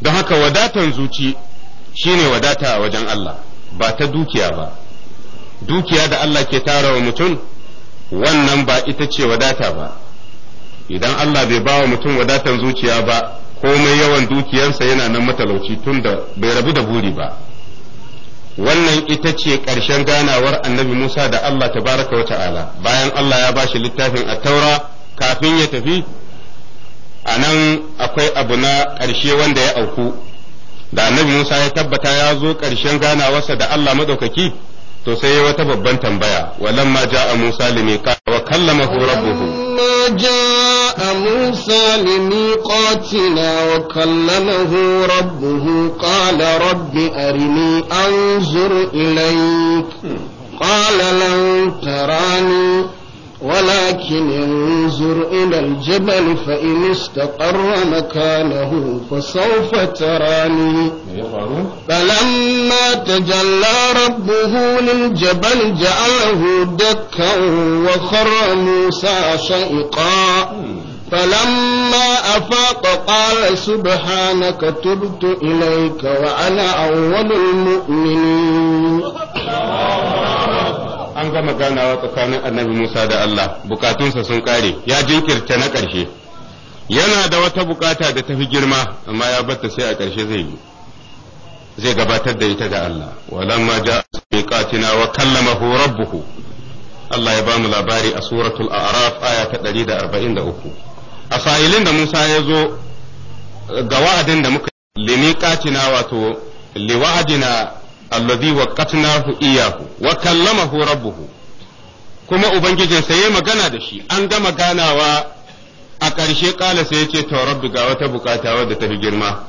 don haka wadatan zuci shine wadata a wajen Allah ba ta dukiya ba dukiya da Allah ke tara wa mutum wannan ba ita ce wadata ba idan Allah bai ba wa mutum wadatan zuciya ba komai yawan dukiyarsa yana nan matalauci tun da bai rabu da buri ba wannan ita ce ƙarshen ganawar annabi Musa da Allah ta baraka wa ta'ala bayan Allah ya ba shi littafin a taura kafin ya tafi a nan akwai abu na ƙarshe wanda ya auku da annabi Musa ya tabbata ya zo ƙarshen ganawarsa da Allah maɗaukaki. to sai ya wata babban tambaya walamma ja'a Musa limi wa kallamahu rabbuhu ma ja'a Musa limi limiqatina wa kallamahu rabbuhu qala rabbi arini anzur ilayk hmm. qala lan tarani ولكن انظر إلى الجبل فإن استقر مكانه فسوف تراني فلما تجلى ربه للجبل جعله دكا وخر موسى شيقا فلما أفاق قال سبحانك تبت إليك وأنا أول المؤمنين an gama ganawa tsakanin annabi Musa da Allah bukatunsa sun kare ya jinkirta na ƙarshe yana da wata bukata da tafi girma amma ya batta sai a ƙarshe zai yi zai gabatar da ita ga Allah walamma ja miqatina wa kallamahu rabbuhu Allah ya bamu labari a suratul a'raf aya ta 143 a sa'ilin da Musa ya zo ga wa'adin da muka limiqatina wato liwa'adina alladhi waqatnahu iyahu wa kallamahu rabbuhu kuma sai yayi magana da shi an gama ganawa a ƙarshe ƙala sai yace to rabbi ga wata bukata wadda ta fi girma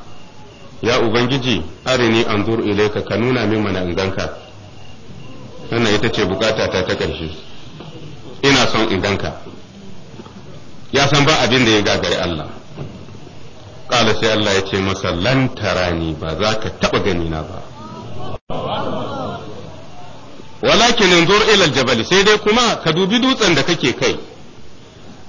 ya ubangiji arini anzur ilayka ka nuna min mana in ganka wannan ita ce bukata ta ta ƙarshe ina son in ya san ba abin da ya gagari Allah ƙala sai Allah ya ce masa lan tarani ba za ka taɓa ganina ba walakin inzur ila aljabal sai dai kuma ka dubi dutsen da kake kai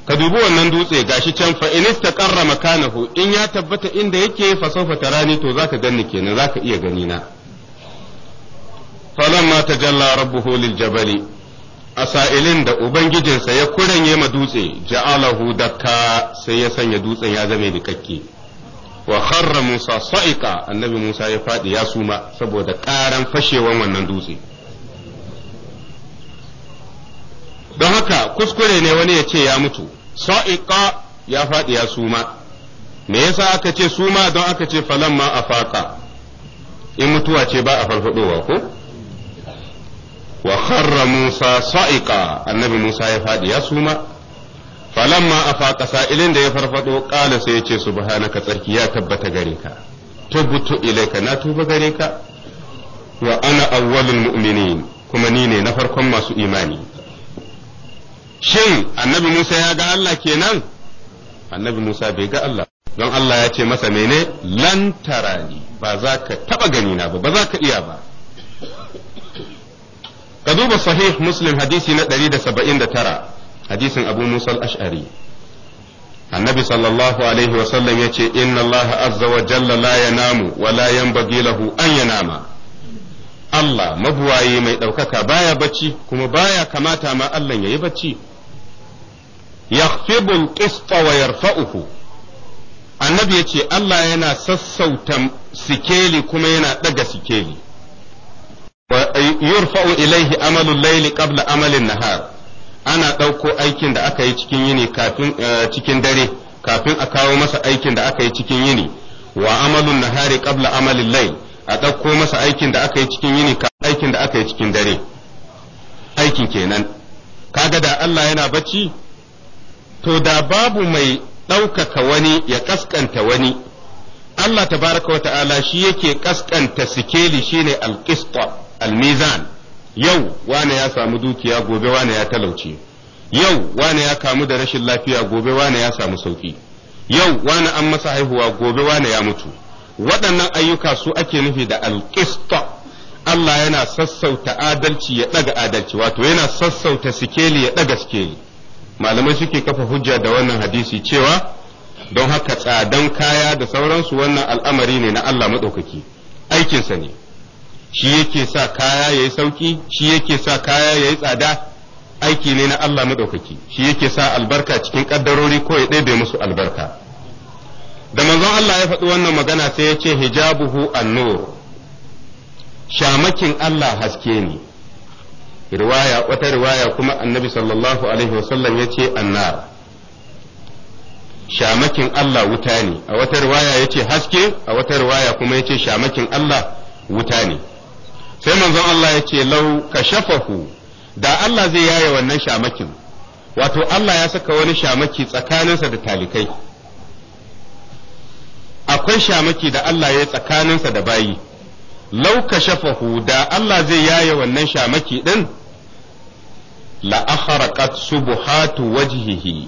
ka dubi wannan dutse gashi can fa in istaqarra makanahu in ya tabbata inda yake fa sawfa tarani to zaka ganni kenan zaka iya gani na falamma tajalla rabbuhu liljabali a sa'ilin da ubangijinsa ya kuranye ma dutse ja'alahu dakka sai ya sanya dutsen ya zame dikakke wa kharra musa sa'iqa annabi musa ya fadi ya suma saboda karan fashewan wannan dutse don haka kuskure ne wani ya ce ya mutu sa'iqa ya faɗi ya suma me yasa aka ce suma don aka ce a afaka in mutuwa ce ba a farfadowa ko wa kharra Musa sa'iqa annabi Musa ya faɗi ya suma a afaka sa'ilin da ya farfado ƙala sai ya ce subhanaka tsarki ya tabbata gare ka tubtu ilaika na tuba gare ka wa ana awwalul mu'minin kuma ni ne na farkon masu imani shin annabi Musa ya ga Allah kenan annabi Musa bai ga Allah don Allah ya ce masa mene lantarani tarani ba za ka taba gani na ba ba za ka iya ba ka duba sahih muslim hadisi na 179 hadisin abu musa al-ash'ari annabi sallallahu alaihi wa sallam yace inna Allah azza wa jalla la yanamu wa la yanbaghi lahu an yanama Allah mabuwaye mai ɗaukaka baya bacci kuma baya kamata ma Allah ya yi bacci يخفض القسط ويرفعه النبي annabi yace Allah yana sassauta sikeli kuma yana سكيلي sikeli yurfa'u ilaihi الليل قبل qabla amalin nahar ana ɗauko aikin da aka yi cikin yini kafin eh, cikin dare kafin a kawo masa aikin da aka yi cikin yini wa amalun nahari qabla amalin layl a ɗauko masa aikin da aka yi cikin yini kafin aikin da aka yi cikin dare aikin kenan kaga da Allah yana bacci to da babu mai ɗaukaka wani ya ƙasƙanta wani Allah tabaraka wa ta'ala shi yake ƙasƙanta sikeli shine al almizan yau wane ya samu dukiya gobe wane ya talauce yau wane ya kamu da rashin lafiya gobe wane ya samu sauki yau wane an masa haihuwa gobe wane ya mutu waɗannan ayyuka su ake nufi da alƙista Allah yana sassauta adalci ya ɗaga adalci wato yana sassauta sikeli ya ɗaga sikeli malamai suke kafa hujja da wannan hadisi cewa don haka tsadan kaya da sauransu wannan al'amari ne na Allah maɗaukaki aikinsa ne shi yake sa kaya ya yi sauƙi shi yake sa kaya ya yi tsada aiki ne na Allah maɗaukaki shi yake sa albarka cikin ƙaddarori ko ya ɗebe musu albarka da manzon Allah ya faɗi wannan magana sai ya ce hijabuhu nur shamakin Allah haske ne riwaya wata riwaya kuma annabi sallallahu alaihi wasallam ya ce annar shamakin Allah wuta ne a wata riwaya ya ce haske a wata riwaya kuma ya ce shamakin Allah wuta ne sai manzon Allah ya ce lau ka shafahu da Allah zai yaye wannan shamakin wato Allah ya saka wani shamaki tsakaninsa da talikai akwai shamaki da Allah ya tsakaninsa da bayi lau ka shafahu da Allah zai yaye wannan shamaki din. la akharaqat subuhatu wajhihi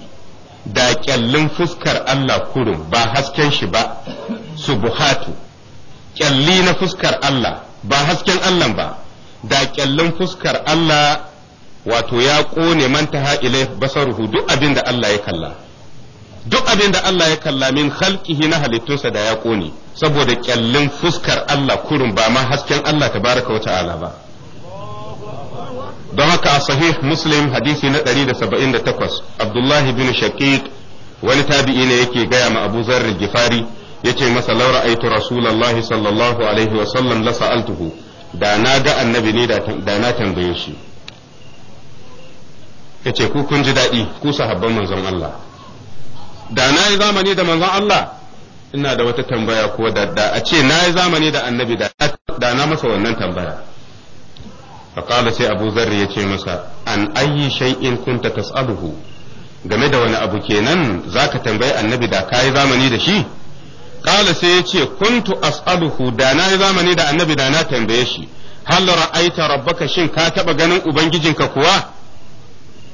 da ƙyallin fuskar Allah kurum ba hasken shi ba subuhatu kyalli na fuskar Allah ba hasken Allah ba da ƙyallin fuskar Allah wato ya kone mantaha ilai basaruhu duk abin da Allah ya kalla duk abin Allah ya kalla min khalqihi na halittunsa da ya ƙone saboda ƙyallin fuskar Allah kurum ba ma hasken Allah tabaraka wa ta'ala ba don haka a sahih muslim hadisi na 178 abdullahi bin shaqiq wani tabi'i ne yake gaya ma abu zarri gifari ce masa laura ra'aytu rasulullahi sallallahu alaihi wa sallam la sa'altuhu da na ga annabi ne da na tambaye shi yace ku kun ji daɗi ku sahabban manzon Allah da na yi zamani da manzon Allah ina da wata tambaya ko da a ce na yi zamani da annabi da na masa wannan tambaya فقال sai abu ذر ya ce masa an شيء كنت kunta game da wani abu kenan zaka tambayi annabi da kayi zamani da shi ƙala sai ya ce kuntu as'aluhu da na yi zamani da annabi da na tambaye shi hal ra'aita rabbaka shin ka taba ganin ubangijinka kuwa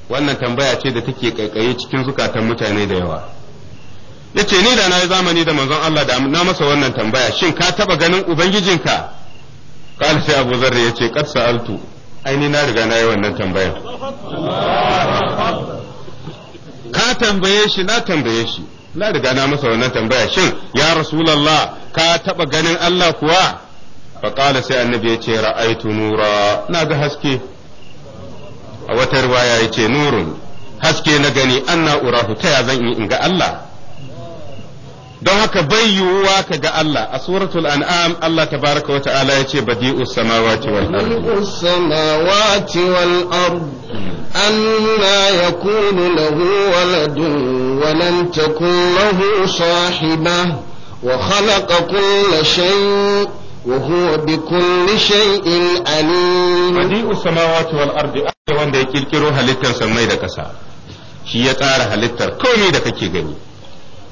wannan tambaya ce da take kaikaye cikin zukatan mutane da yawa yace ni da na yi zamani da manzon Allah da na masa wannan tambaya shin ka taba ganin ubangijinka qala sai Abu Zarri yace qad sa'altu aini na riga na yi wannan tambayar ka tambaye shi na tambaye shi na riga na masa wannan tambaya shin ya rasulullah ka taɓa ganin Allah kuwa faƙala sai annabi ya ce ra'aitu nura na ga haske a wata riwaya ya ce nurun haske na gani anna urahu ta ya zan yi in ga Allah don haka bai yiwuwa ka ga Allah a suratul an'am Allah tabaraka wa ta'ala yace badi'us samawati wal ardi samawati wal ardi anna yakunu lahu waladun wa lam takun lahu sahiba wa khalaqa kulla shay وهو بكل شيء عليم بديع السماوات والأرض wanda ya kirkiro halittar sammai da ƙasa shi ya tsara halittar komai da kake gani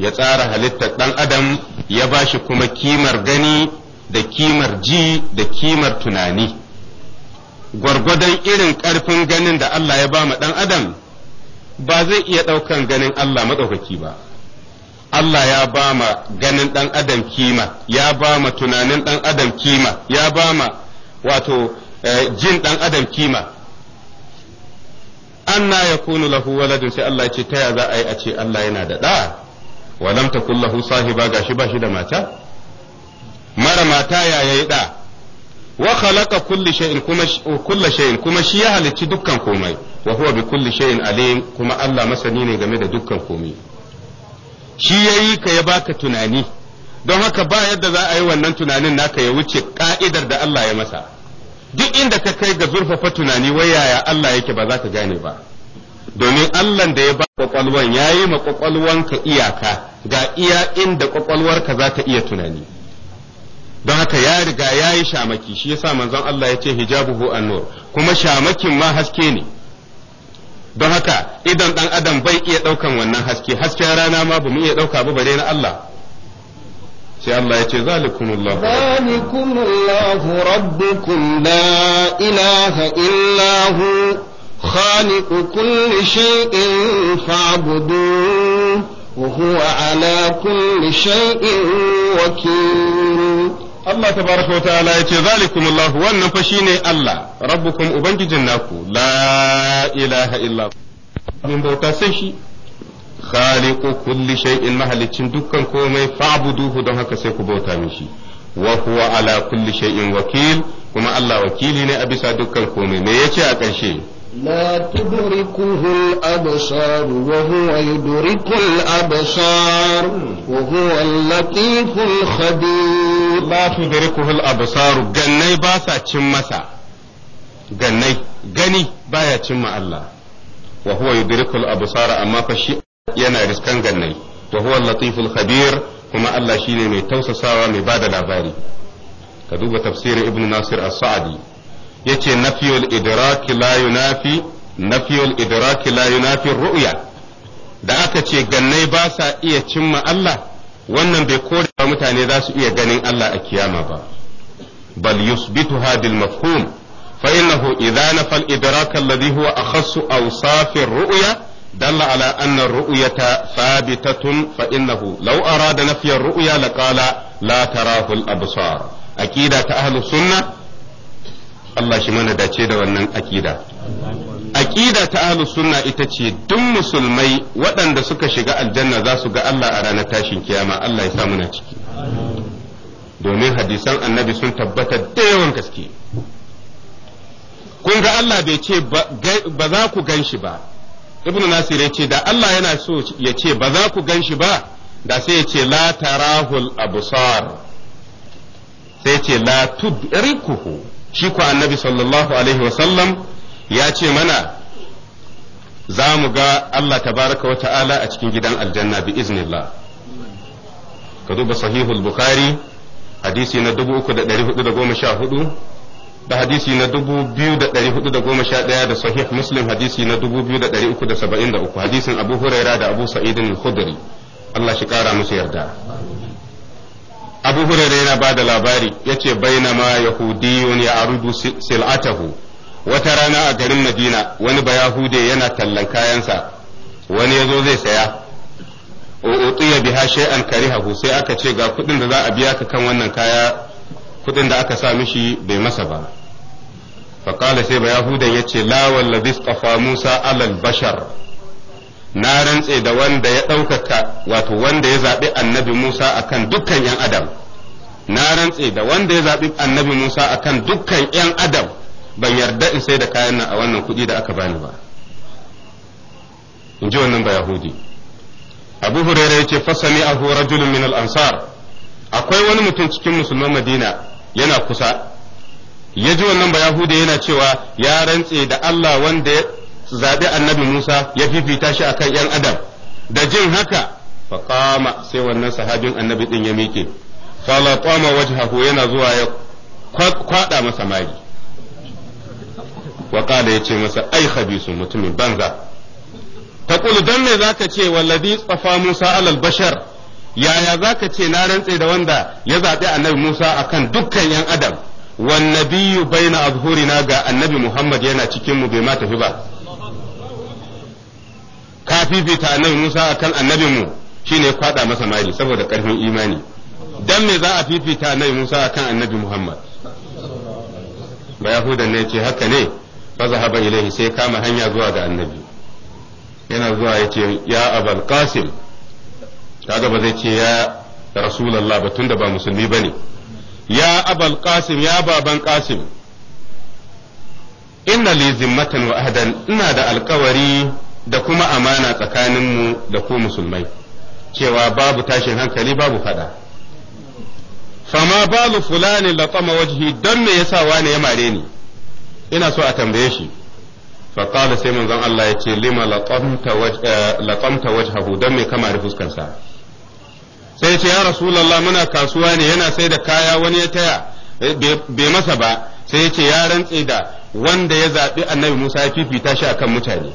ya tsara halittar ɗan adam ya ba shi kuma kimar gani da kimar ji da kimar tunani gwargwadon irin ƙarfin ganin da Allah ya ba ma ɗan adam ba zai iya ɗaukan ganin Allah maɗaukaki ba Allah ya ba ma ganin ɗan adam kima ya ba ma tunanin ɗan adam kima ya ba ma wato eh, jin ɗan adam kima anna kunu lahu waladun sai Allah ya ce ta ya za a yi a ce Allah yana da ɗa wa lam takul lahu sahiba gashi ba shi da mata mara mata ya yayi da wa khalaqa kulli shay'in kuma kulli shay'in kuma shi ya halicci dukkan komai wa huwa bi kulli shay'in alim kuma Allah masani ne game da dukkan komai shi yayi ka ya baka tunani don haka ba yadda za a yi wannan tunanin naka ya wuce ka'idar da Allah ya masa duk inda ka kai ga zurfafa tunani wai yaya Allah yake ba za ka gane ba domin Allah da ya ba kwakwalwan ya yi ma kwakwalwanka iyaka ga iya inda kwakwalwarka za ta iya tunani don haka ya riga ya yi shamaki shi yasa manzon Allah ya ce hijabuhu nur kuma shamakin ma haske ne don haka idan dan adam bai iya daukan wannan haske hasken rana ma bamu iya dauka ba bare na Allah sai Allah ya ce zalikumullahu zalikumullahu rabbukum la ilaha illa hu khaliqu kulli shay'in fa'buduhu وهو على كل شيء وكيل Allah ta baraka ubangijin naku la ilaha illa min bauta sai komai fa'buduhu haka sai ku bauta mishi wa huwa ala kulli shay'in wakil kuma Allah wakili ne a bisa a ƙarshe لا تدركه الأبصار وهو يدرك الأبصار وهو اللطيف الخبير لا تدركه الأبصار جني باسا تشمسا جني جني بايا تشم الله وهو يدرك الأبصار أما فشي ينا رزقان جني وهو اللطيف الخبير كما الله شيني مي توسسا ومي بعد كدوب تفسير ابن ناصر السعدي yace nafiyul idraki la yunafi nafiyul idraki la yunafi ru'ya da aka ce gannai ba sa iya cimma Allah wannan bai kore ba mutane za su iya ganin Allah a kiyama ba bal yusbitu hadil mafhum fa innahu idza nafa al idrak alladhi huwa akhassu awsaf ar ru'ya dalla ala anna ar ru'yata thabitatun fa innahu law arada nafiy ar ru'ya laqala la tarahu al absar aqida ta ahlus sunnah Allah shi mana dace da wannan aƙida. Aƙida ta ahlus sunna ita ce duk musulmai waɗanda suka shiga aljanna za su ga Allah a ranar tashin kiyama Allah ya samu na ciki. Domin hadisan annabi sun tabbata da yawan gaske. Kun ga Allah bai ce ba za ku gan shi ba. Ibn Nasir ya ce da Allah yana so ya ce ba za ku gan shi ba da sai ya ce la tarahul abusar sai ce la tudrikuhu shi ku annabi sallallahu alaihi wasallam ya ce mana za mu ga Allah tabaraka wa ta'ala a cikin gidan aljanna bi iznillah ka duba sahihul bukhari hadisi na 3414 da hadisi na 2411 da sahih muslim hadisi na 2373 hadisin abu huraira da abu sa'idin al-khudri Allah shi kara musu yarda abu hurairu yana ba da labari ya ce ma yahudiyun ya arudu sil'atahu wata rana a garin madina wani bayahude yana tallan kayansa wani ya zo zai saya ya biha shay'an karihahu sai aka ce ga kudin da za a biya ka kan wannan kaya kudin da aka sa mishi bai masa ba faqala sai bayahudan yace la wallazi qafa musa alal bashar na rantse da wanda ya ɗaukaka wato wanda ya zaɓi annabi Musa akan dukkan ‘yan adam na rantse da wanda ya zaɓi annabi Musa akan dukkan ‘yan adam ban yarda in sai da kayan nan a wannan kuɗi da aka bani ba in ji wannan ba Yahudi Abu Hurairah yace fasami ahu rajulun min al-ansar akwai wani mutum cikin musulman Madina yana kusa ya ji wannan ba Yahudi yana cewa ya rantse da Allah wanda zabi annabi Musa ya fifita shi akan ‘yan adam da jin haka faƙama sai wannan sahabin annabi ɗin ya miƙe waje wajhahu yana zuwa ya kwaɗa masa mari waƙala ya ce masa ai khabisu mutumin banza ta don me zaka ce wallazi tsafa Musa alal bashar yaya zaka ce na rantse da wanda ya zaɓi annabi Musa akan dukkan ‘yan adam wannabiyu baina azhurina ga annabi Muhammad yana cikin mu bai ma tafi ba ka fifita annabi Musa akan annabin mu shine kwada masa mari saboda karfin imani dan me za a fifita annabi Musa akan annabi Muhammad ba yahuda ne ce haka ne fa zahaba ilaihi sai kama hanya zuwa ga annabi yana zuwa yace ya abul qasim kaga ba zai ce ya rasulullah ba tunda ba musulmi bane ya abul qasim ya baban qasim inna li zimmatan wa ahdan ina da alkawari da kuma amana tsakaninmu da ku musulmai cewa babu tashin hankali babu fada fama balu fulani latsama wajihi don me yasa wani ya mare ni ina so a tambaye shi qala sai manzon Allah ya ce lima laƙamta eh, wajhahu don me kama fuskarsa sai ce ya rasulallah muna kasuwa ne yana sai da kaya wani ya taya eh, bai masa ba sai ya ce ya rantse da wanda ya zaɓi annabi musa ya fifita shi akan mutane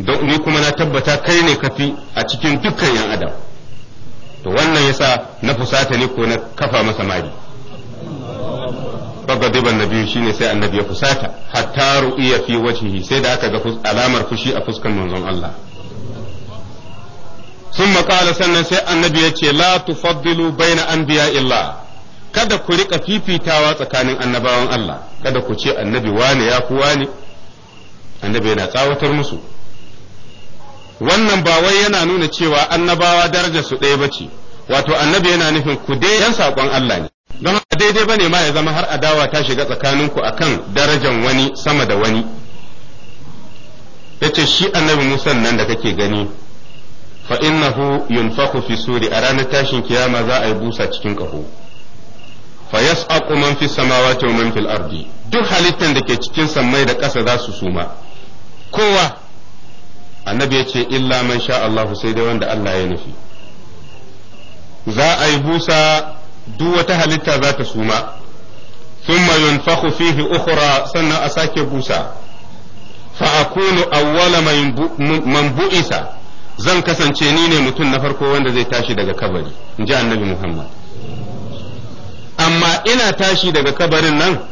don ni kuma na tabbata kai ne kafi a cikin dukkan yan adam to wannan yasa na fusata ne ko na kafa masa mari na nabi shine sai annabi ya fusata hatta ru'iya fi wajhihi sai da aka ga alamar fushi a fuskan manzon Allah Sun قال sannan sai annabi ya ce la tufaddilu baina anbiya illa kada ku rika fifitawa tsakanin annabawan Allah kada ku ce annabi wani ya fi wani annabi yana tsawatar musu wannan ba wai yana nuna cewa annabawa daraja su ɗaya bace wato annabi yana nufin ku dai yan sakon Allah ne don haka daidai bane ma ya zama har adawa ta shiga tsakaninku akan darajan wani sama da wani yace shi annabi Musa nan da kake gani fa innahu yunfaku fi suri a ranar tashin kiyama za a yi busa cikin ƙaho fa yas'aqu man fi samawati wa man fil ardi duk halittan da ke cikin sammai da ƙasa za su suma kowa annabi ya ce illa man sha Allah sai dai wanda Allah ya nufi za a yi busa duk wata halitta za ta suma thumma yunfakhu fihi ukhra sannan a sake busa fa akunu awwala man bu'isa zan kasance ni ne mutum na farko wanda zai tashi daga kabari in ji annabi Muhammad amma ina tashi daga kabarin nan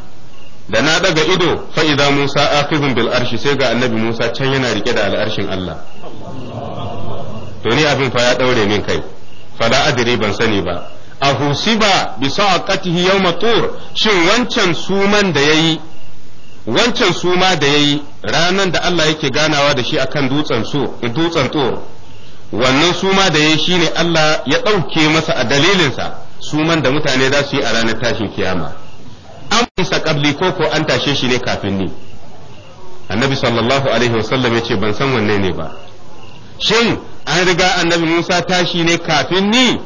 da na daga ido fa Musa akhizun bil arshi sai ga annabi Musa can yana rike da al'arshin Allah to ni abin fa ya daure min kai da adri ban sani ba a husiba bi sa'aqatihi yawm tur shin wancan suman da yayi wancan suma da yayi ranan da Allah yake ganawa da shi akan dutsen so dutsen tur wannan suma da yayi shine Allah ya ɗauke masa a dalilinsa suman da mutane za su yi a ranar tashin kiyama an kabli ko ko an tashe shi ne kafin ni annabi sallallahu alaihi wasallam ya ce ban san wanne ne ba shin an riga annabi musa tashi ne kafin ni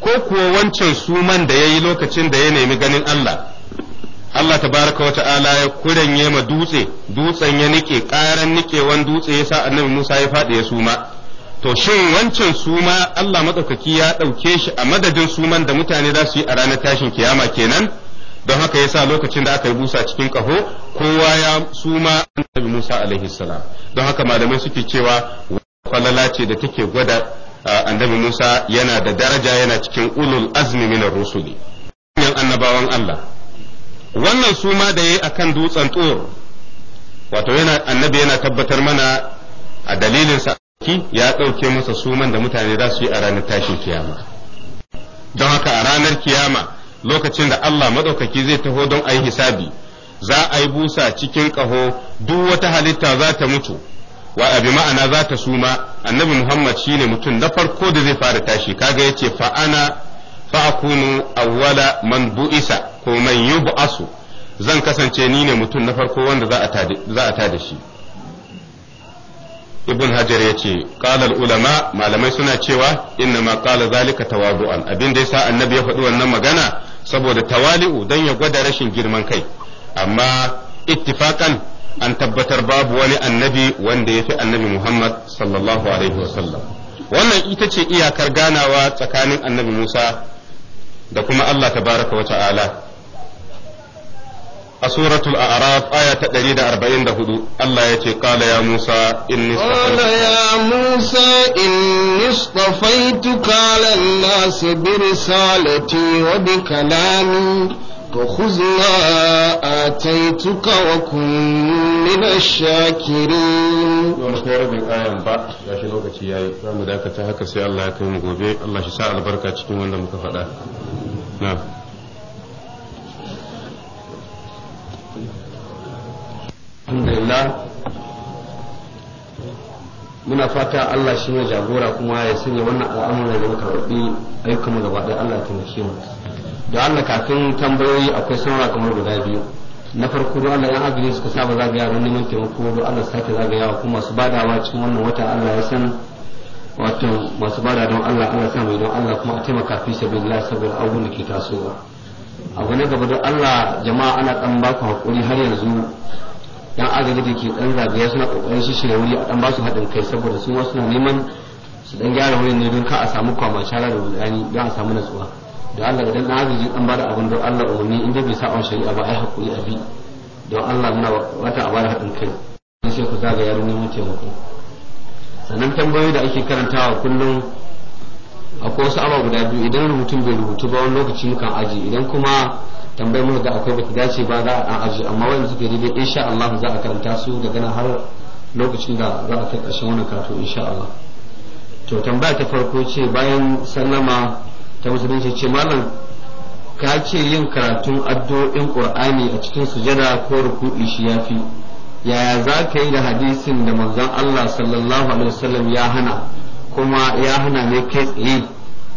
ko kuwa wancan suman da ya yi lokacin da ya nemi ganin allah Allah baraka wa ta'ala ya kuranye ma dutse dutsen ya nike ƙaran nikewan dutse ya sa annabi Musa ya faɗi ya suma to shin wancan suma Allah matsaukaki ya ɗauke shi a madadin suman da mutane za su yi a ranar tashin kiyama kenan don haka yasa lokacin da aka yi busa cikin kaho kowa ya suma annabi Musa alaihi salam don haka malamai suke cewa falala ce da take gwada annabi Musa yana da daraja yana cikin ulul azmi na rusuli yan annabawan Allah wannan suma da yayi akan dutsen tsor wato yana annabi yana tabbatar mana a dalilin sa ya ɗauke masa suman da mutane za su yi a ranar tashin kiyama don haka a ranar kiyama lokacin da Allah madaukaki zai taho don a yi hisabi za a yi busa cikin ƙaho duk wata halitta za ta mutu wa abi ma'ana za ta suma annabi muhammad shine mutum na farko da zai fara tashi kaga yace fa ana fa akunu awwala man bu'isa ko man yub'asu zan kasance ni ne mutum na farko wanda za a tada shi ibn hajar ya ce ƙalar ulama malamai suna cewa inna ma ƙala zalika tawadu'an abin da sa annabi ya faɗi wannan magana saboda tawali'u don ya gwada rashin girman kai amma ittifakan an tabbatar babu wani annabi wanda ya fi annabi Muhammad sallallahu alaihi wasallam wannan ita ce iyakar ganawa tsakanin annabi Musa da kuma Allah tabaraka wa ta'ala a suratul a'raf aya ta 144 Allah ya ce qala Musa inni ya Musa inni إني اصطفيتك على الناس برسالتي وبكلامي فخذ ما آتيتك وكن من الشاكرين يوم خير من آية با يا شنو كتي يا رام ذاك تهك سي الله يكرم gobe Allah shi sa albarka cikin wanda muka faɗa na'am alhamdulillah muna fata Allah shi ne jagora kuma ya sanya wannan al'amuran da zama rubi ayyukan mu gaba ɗaya Allah ya taimake mu da Allah kafin tambayoyi akwai sanarwa kamar guda biyu na farko don Allah yan agiri suka saba zagaya don neman taimako don Allah sake zagayawa kuma masu badawa cikin wannan wata Allah ya san wato masu bada don Allah Allah sa mai don Allah kuma a taimaka fi sabilillah saboda abun da ke tasowa abu na gaba don Allah jama'a ana ɗan baku hakuri har yanzu yan agaji da ke dan zagaya suna kokarin shirya wuri a dan basu haɗin kai saboda su wasu na neman su dan gyara wurin ne don ka a samu kwama shara da rudani don a samu natsuwa da Allah da dan agaji an bada abin don Allah umarni in dai bai sa on shari'a ba ai hakuri a bi don Allah muna wata a bada haɗin kai sai ku zagaya don neman taimako sannan tambayoyi da ake karantawa kullum akwai wasu abubuwa guda biyu idan rubutun bai rubutu ba wani lokaci mukan aji idan kuma mu da akwai baki dace ba za a aji amma wanda suke daidai insha Allah za a karanta su daga nan har lokacin da za a kai ƙarshen wannan karatu insha Allah to tambaya ta farko ce bayan sallama ta musulunci ce malam ka ce yin karatun addu'o'in qur'ani a cikin sujada ko ruku'i shi yafi yaya za ka yi da hadisin da manzon Allah sallallahu alaihi wasallam ya hana kuma ya hana ne kai tsaye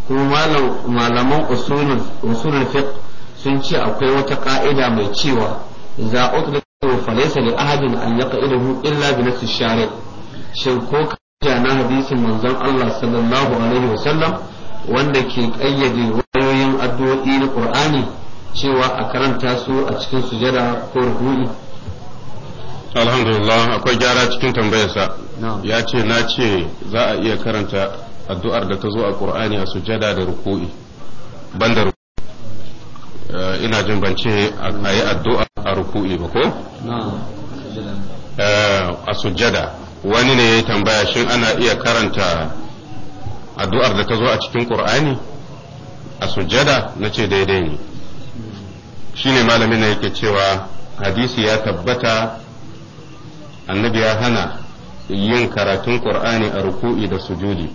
kuma malaman usulun fiqh sun ce akwai wata ka'ida mai cewa za a utlaqu falaysa li ahadin an yaqidahu illa bi nafsi share shin ko kaja na hadisin manzon Allah sallallahu alaihi wa sallam wanda ke kayyade wayoyin addu'o'i na Qur'ani cewa a karanta su a cikin sujada ko ruku'i alhamdulillah akwai gyara cikin tambayarsa ya ce na ce za a iya karanta addu'ar da ta zo a ƙur'ani a sujada da ruku'i ban da Eh, ina jin ban ce a yi addu'a a ruku'i ba ko? Eh, a sujjada wani ne ya yi tambaya shin ana iya karanta addu'ar da ta zo a cikin ƙur'ani a sujjada na ce daidai ne shi ne malamin na yake cewa hadisi ya tabbata annabi ya hana yin karatun ƙur'ani a ruku'i da sujudi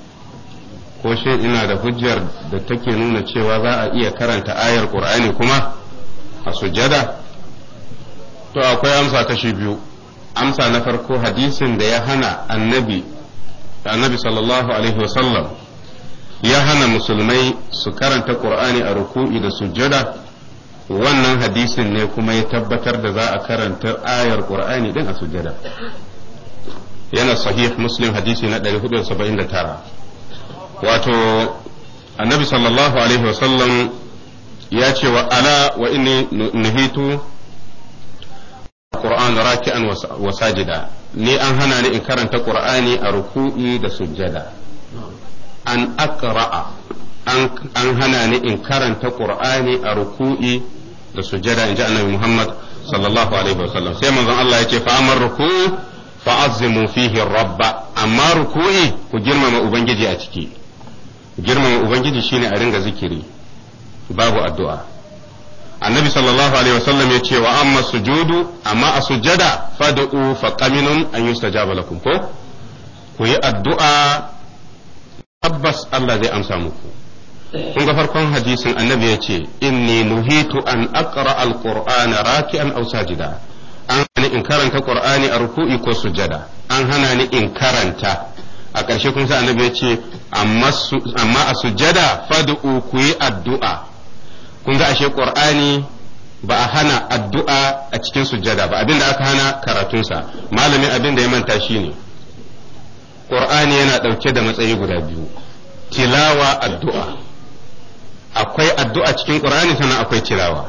ko shi ina da hujjar da take nuna cewa za a iya karanta ayar ƙur'ani kuma a sujada to akwai amsa kashi biyu amsa na farko hadisin da ya hana annabi da annabi sallallahu alaihi wasallam ya hana musulmai su karanta ƙur'ani a ruku'i da sujada wannan hadisin ne kuma ya tabbatar da za a karanta ayar ƙur'ani din a sujada yana sahih muslim hadisi na 479 wato annabi sallallahu alaihi wasallam ya ce wa ala wa inni nuhitu Qur'an raki'an wa sajida ni an hana ni in karanta Qur'ani a ruku'i da sujjada an aqra'a an hana ni in karanta Qur'ani a ruku'i da sujjada in inji annabi Muhammad sallallahu alaihi wasallam sai manzon Allah ya ce fa amar ruku'u fa'azzimu fihi rabba amma ruku'i ku girmama ubangiji a ciki Girman ubangiji shine a ringa zikiri babu addu'a annabi sallallahu alaihi wasallam ya ce wa amma sujudu amma a sujada fad'u fa qaminun an yustajaba lakum ko ku yi addu'a tabbas Allah zai amsa muku kun ga farkon hadisin annabi ya ce inni nuhitu an aqra alqur'ana raki'an aw sajida an hana in karanta qur'ani a ruku'i ko sujada an hana ni in karanta a ƙarshe kun sa annabi ya ce amma a sujada fad'u ku yi addu'a kun ga ashe ƙor'ani ba a hana addu'a a cikin sujada ba abinda aka hana karatunsa malamin abinda ya manta shi ne. ƙor'ani yana ɗauke da matsayi guda biyu tilawa addu'a akwai addu'a cikin ƙor'ani sannan akwai tilawa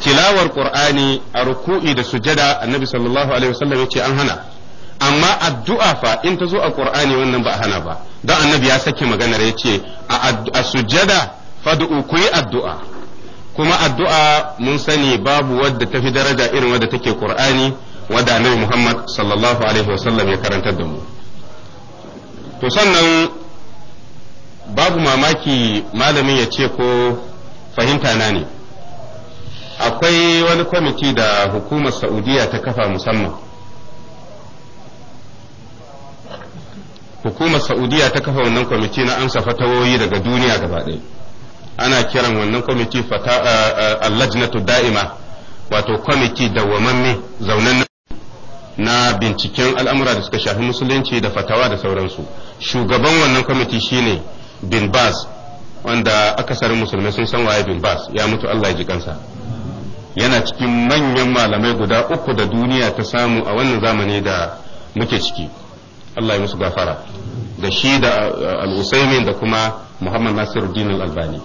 tilawar ƙor'ani a ruku'i da sujada annabi sallallahu alaihi wasallam ce an hana amma addu'a fa in ta zo a qur'ani wannan ba a hana ba dan annabi ya sake maganar ya ce a sujjada fad'u ku yi addu'a kuma addu'a mun sani babu wadda ta fi daraja irin wadda take qur'ani wadda annabi Muhammad sallallahu alaihi wasallam ya karantar da mu to sannan babu mamaki malamin ya ce ko fahimta na ne akwai wani kwamiti da hukumar saudiya ta kafa musamman hukumar saudiya ta kafa wannan kwamiti na amsa fatawoyi daga duniya gaba ɗaya ana kiran wannan kwamiti fata allajnatu da'ima wato kwamiti dawwamamme zaunan na binciken al'amura da suka shafi musulunci da fatawa da sauransu shugaban wannan kwamiti shine bin bas wanda akasarin musulmai sun san waye bin bas ya mutu allah ya ji kansa yana cikin manyan malamai guda uku da duniya ta samu a wannan zamani da muke ciki Allah ya musu gafara da shi da uh, al da kuma Muhammad Nasiruddin al-Albani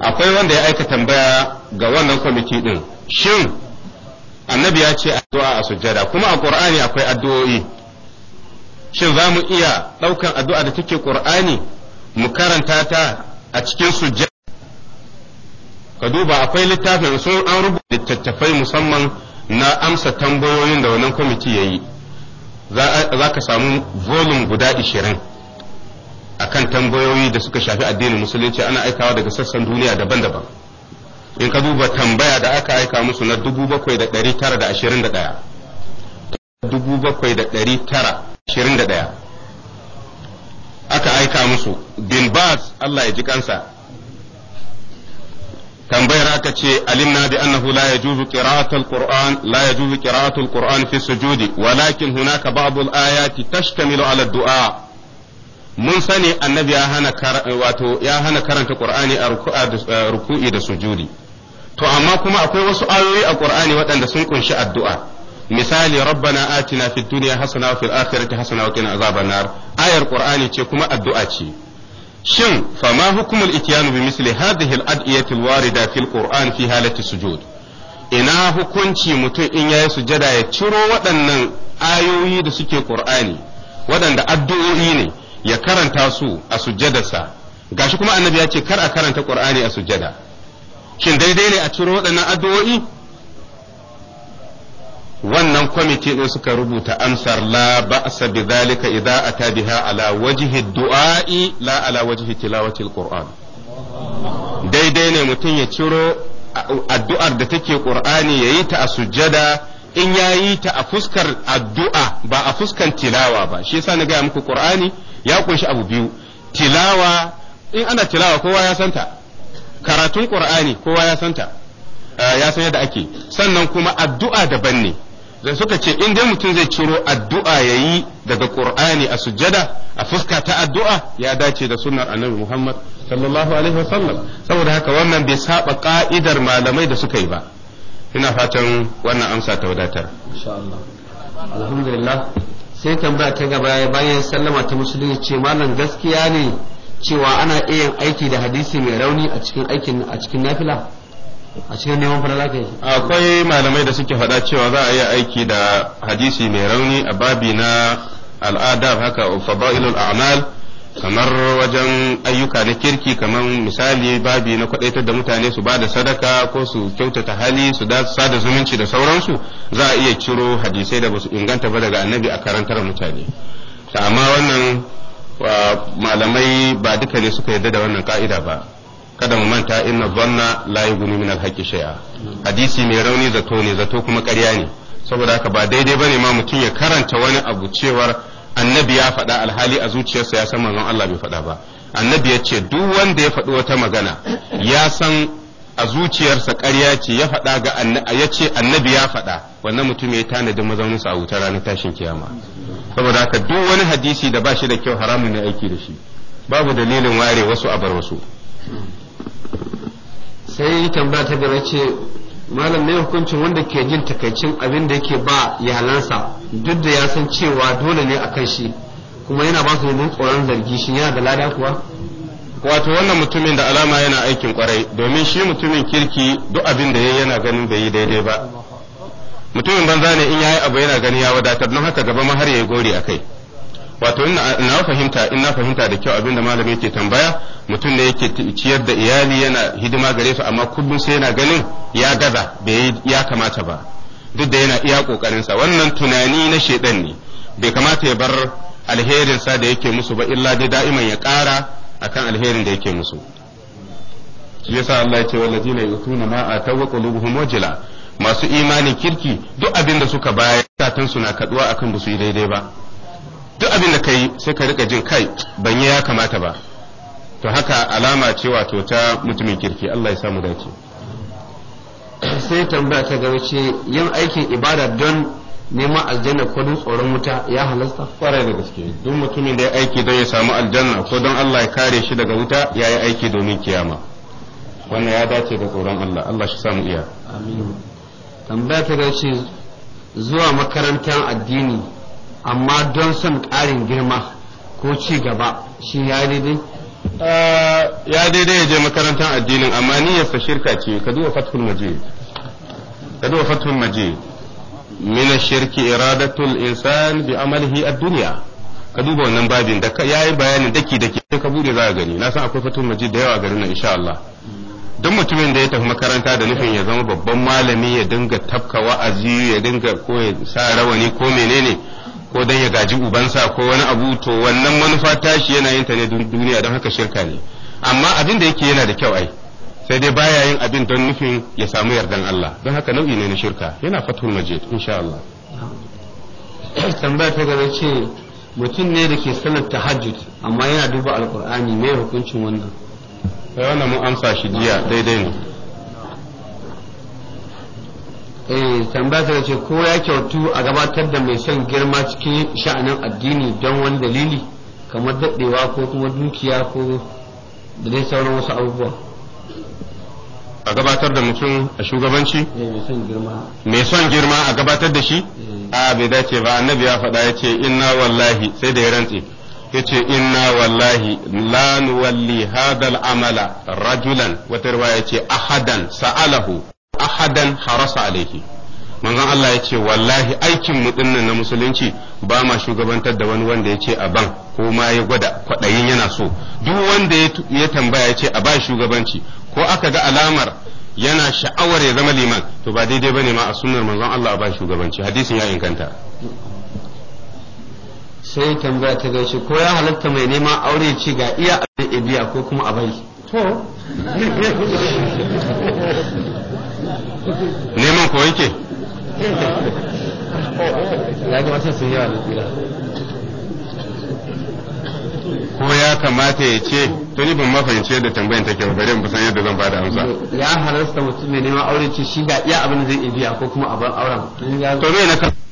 akwai wanda ya aika tambaya ga wannan kwamiti din shin annabi ya ce addu'a a sujjada kuma a Qur'ani akwai addu'o'i shin za mu iya ɗaukan addu'a da take Qur'ani mu karanta ta a cikin sujjada ka duba akwai littafin sun an rubuta littattafai musamman na amsa tambayoyin da wannan kwamiti ya yi za ka samu volume guda ishirin kan tambayoyi da suka shafi addinin musulunci ana aikawa daga sassan duniya daban-daban in ka duba tambaya da aka aika musu na 7,921 7,921 aka aika musu bin baz Allah ya ji kansa tambayar aka ce alimna bi annahu la yajuzu qira'atul kur'an la yajuzu qira'atul qur'an fi sujudi walakin hunaka ba'd al ayati tashtamilu ala du'a mun sani annabi ya hana karanta qur'ani ruku'i da sujudi to amma kuma akwai wasu ayoyi a qur'ani waɗanda sun kunshi addu'a misali rabbana atina fid dunya hasana wa fil akhirati hasana wa qina ce kuma addu'a ce shin fama hukumul ityanu bi misli hadhihi al-ad'iyati al-warida fil qur'an fi halati sujud ina hukunci mutum in yayi sujada ya ciro waɗannan ayoyi da suke qur'ani waɗanda addu'o'i ne ya karanta su a Ga gashi kuma annabi ya ce kar a karanta qur'ani a sujada. shin daidai ne a ciro waɗannan addu'o'i wannan kwamiti ɗin suka rubuta amsar la ba'sa bi zalika idza ata biha ala wajhi du'a'i la ala wajhi tilawati alquran daidai ne mutum ya ciro addu'ar da take qur'ani yayi ta a sujjada in yayi ta a fuskar addu'a ba a fuskan tilawa ba shi yasa na ga muku qur'ani ya kunshi abu biyu tilawa in ana tilawa kowa ya santa karatun qur'ani kowa ya santa eh, ya san yadda ake sannan kuma addu'a daban ne zai suka ce in dai mutum zai ciro addu'a ya yi daga qur'ani a sujjada a fuska ta addu'a ya dace da sunnar annabi muhammad sallallahu alaihi wasallam saboda haka wannan bai saba ka'idar malamai da suka yi ba ina fatan wannan amsa ta wadatar insha Allah alhamdulillah sai tambaya ta gaba bayan sallama ta musulunci ce malam gaskiya ne cewa ana iya yin aiki da hadisi mai rauni a cikin aikin a cikin nafila a cikin neman falala yi. akwai malamai da suke faɗa cewa za a yi aiki da hadisi mai rauni a babi na al'ada haka fadailul a'mal kamar wajen ayyuka na kirki kamar misali babi na kwadaitar da mutane su ba da sadaka ko su kyautata hali su sada zumunci da sauransu za a iya ciro hadisai da basu inganta ba daga annabi a karantar mutane amma wannan malamai ba duka ne suka yarda da wannan ka'ida ba kada mu manta inna zanna la yughni min al-haqqi shay'a hadisi mai rauni zato ne zato kuma ƙarya ne saboda haka ba daidai bane ma mutum ya karanta wani abu cewar annabi ya faɗa alhali a zuciyarsa ya san manzon Allah bai faɗa ba annabi ya ce duk wanda ya faɗi wata magana ya san a zuciyarsa ƙarya ce ya faɗa ga ya ce annabi ya faɗa wannan mutum ya tanadi mazaunin mazauninsa a wuta ranar tashin kiyama saboda haka duk wani hadisi da ba shi da kyau haramun ne aiki da shi babu dalilin ware wasu a bar wasu sai tambaya ta gaba ce malam ne hukuncin wanda ke jin takaicin abin da yake ba yalansa duk da ya san cewa dole ne a kan shi kuma yana ba su domin tsoron zargi shi yana da lada kuwa wato wannan mutumin da alama yana aikin kwarai domin shi mutumin kirki duk abin da yayi yana ganin bai yi daidai ba mutumin banza ne in ya yi abu yana gani ya wadatar don haka gaba ma har yi gori a kai. wato ina fahimta in na fahimta da kyau abinda malami yake tambaya mutum ne yake ciyar da iyali yana hidima gare su amma kullum sai yana ganin ya gaza bai ya kamata ba duk da yana iya kokarin sa wannan tunani na shedan ne bai kamata ya bar alherin sa da yake musu ba illa dai da'iman ya kara akan alherin da yake musu shi yasa Allah ya ce wallazina yutuna ma atawa qulubuhum wajila masu imani kirki duk abin da suka bayar katansu na kaduwa akan basu yi daidai ba duk abin da kai sai ka rika jin kai ban yi ya kamata ba to haka alama ce wato ta mutumin kirki Allah ya samu dace sai tambaya ta ga wace yin aikin ibada don neman aljanna ko don tsoron wuta ya halasta kwarai da gaske duk mutumin da ya aiki don ya samu aljanna ko don Allah ya kare shi daga wuta ya yi aiki domin kiyama wannan ya dace da tsoron Allah Allah shi samu iya amin tambaya ta ga zuwa makarantar addini amma don son ƙarin girma ko ci gaba shi ya daidai ah, ya daidai ya je makarantar addinin amma niyyarsa shirka ce ka duba fathul maje ka duba fathul maje min shirki iradatul insan bi amalihi ad-dunya ka duba wannan babin da yayi bayanin daki daki sai ka bude za ka gani na san akwai fathul maje da yawa garin nan insha Allah duk mutumin da ya tafi makaranta da nufin ya zama babban malami ya dinga tafka wa'azi ya dinga ko ya sa rawani ko menene ko dan ya gaji ubansa ko wani abu to wannan manufa tashi yana yin ta ne duniya don haka shirka ne amma abin da yake yana da kyau ai sai dai baya yin abin don nufin ya samu yardan Allah don haka nau'i ne na shirka yana fatul majid insha Allah tambaya ta gaba ce mutum ne da ke sanar tahajjud amma yana duba alkur'ani mai hukuncin wannan sai eh, wannan mun amsa shi jiya daidai ne eh tambaya ta ce ko ya kyautu a gabatar da mai son girma cikin sha'anin addini don wani dalili kamar daɗewa ko kuma dukiya ko da dai sauran wasu abubuwa a gabatar da mutum a shugabanci eh, mai son girma a gabatar da shi eh. a bai dace ba annabi ya faɗa ya ce inna wallahi sai da ya rantse ya ce inna wallahi la nuwalli hadal amala rajulan wata riwaya ya ce ahadan sa'alahu ahadan harasa alaihi manzon Allah ya ce wallahi aikin mu dinnan na musulunci ba ma shugabantar da wani wanda ya ce a ban ko ma ya gwada kwaɗayin yana so duk wanda ya tambaya ya ce a ba shugabanci ko aka ga alamar yana sha'awar ya zama liman to ba daidai bane ma a sunnar manzon Allah a ba shugabanci hadisin ya inganta sai tambaya ta gaishe ko ya halatta mai neman aure ci ga iya abin ibiya ko kuma abai to neman ko yake ko ya kamata ya ce tuni ban mafahimci yadda tambayin take ba bari mu san yadda zan bada amsa ya halasta mutum ne neman aure ce shi da iya abin zai iya biya ko kuma abin auren to me na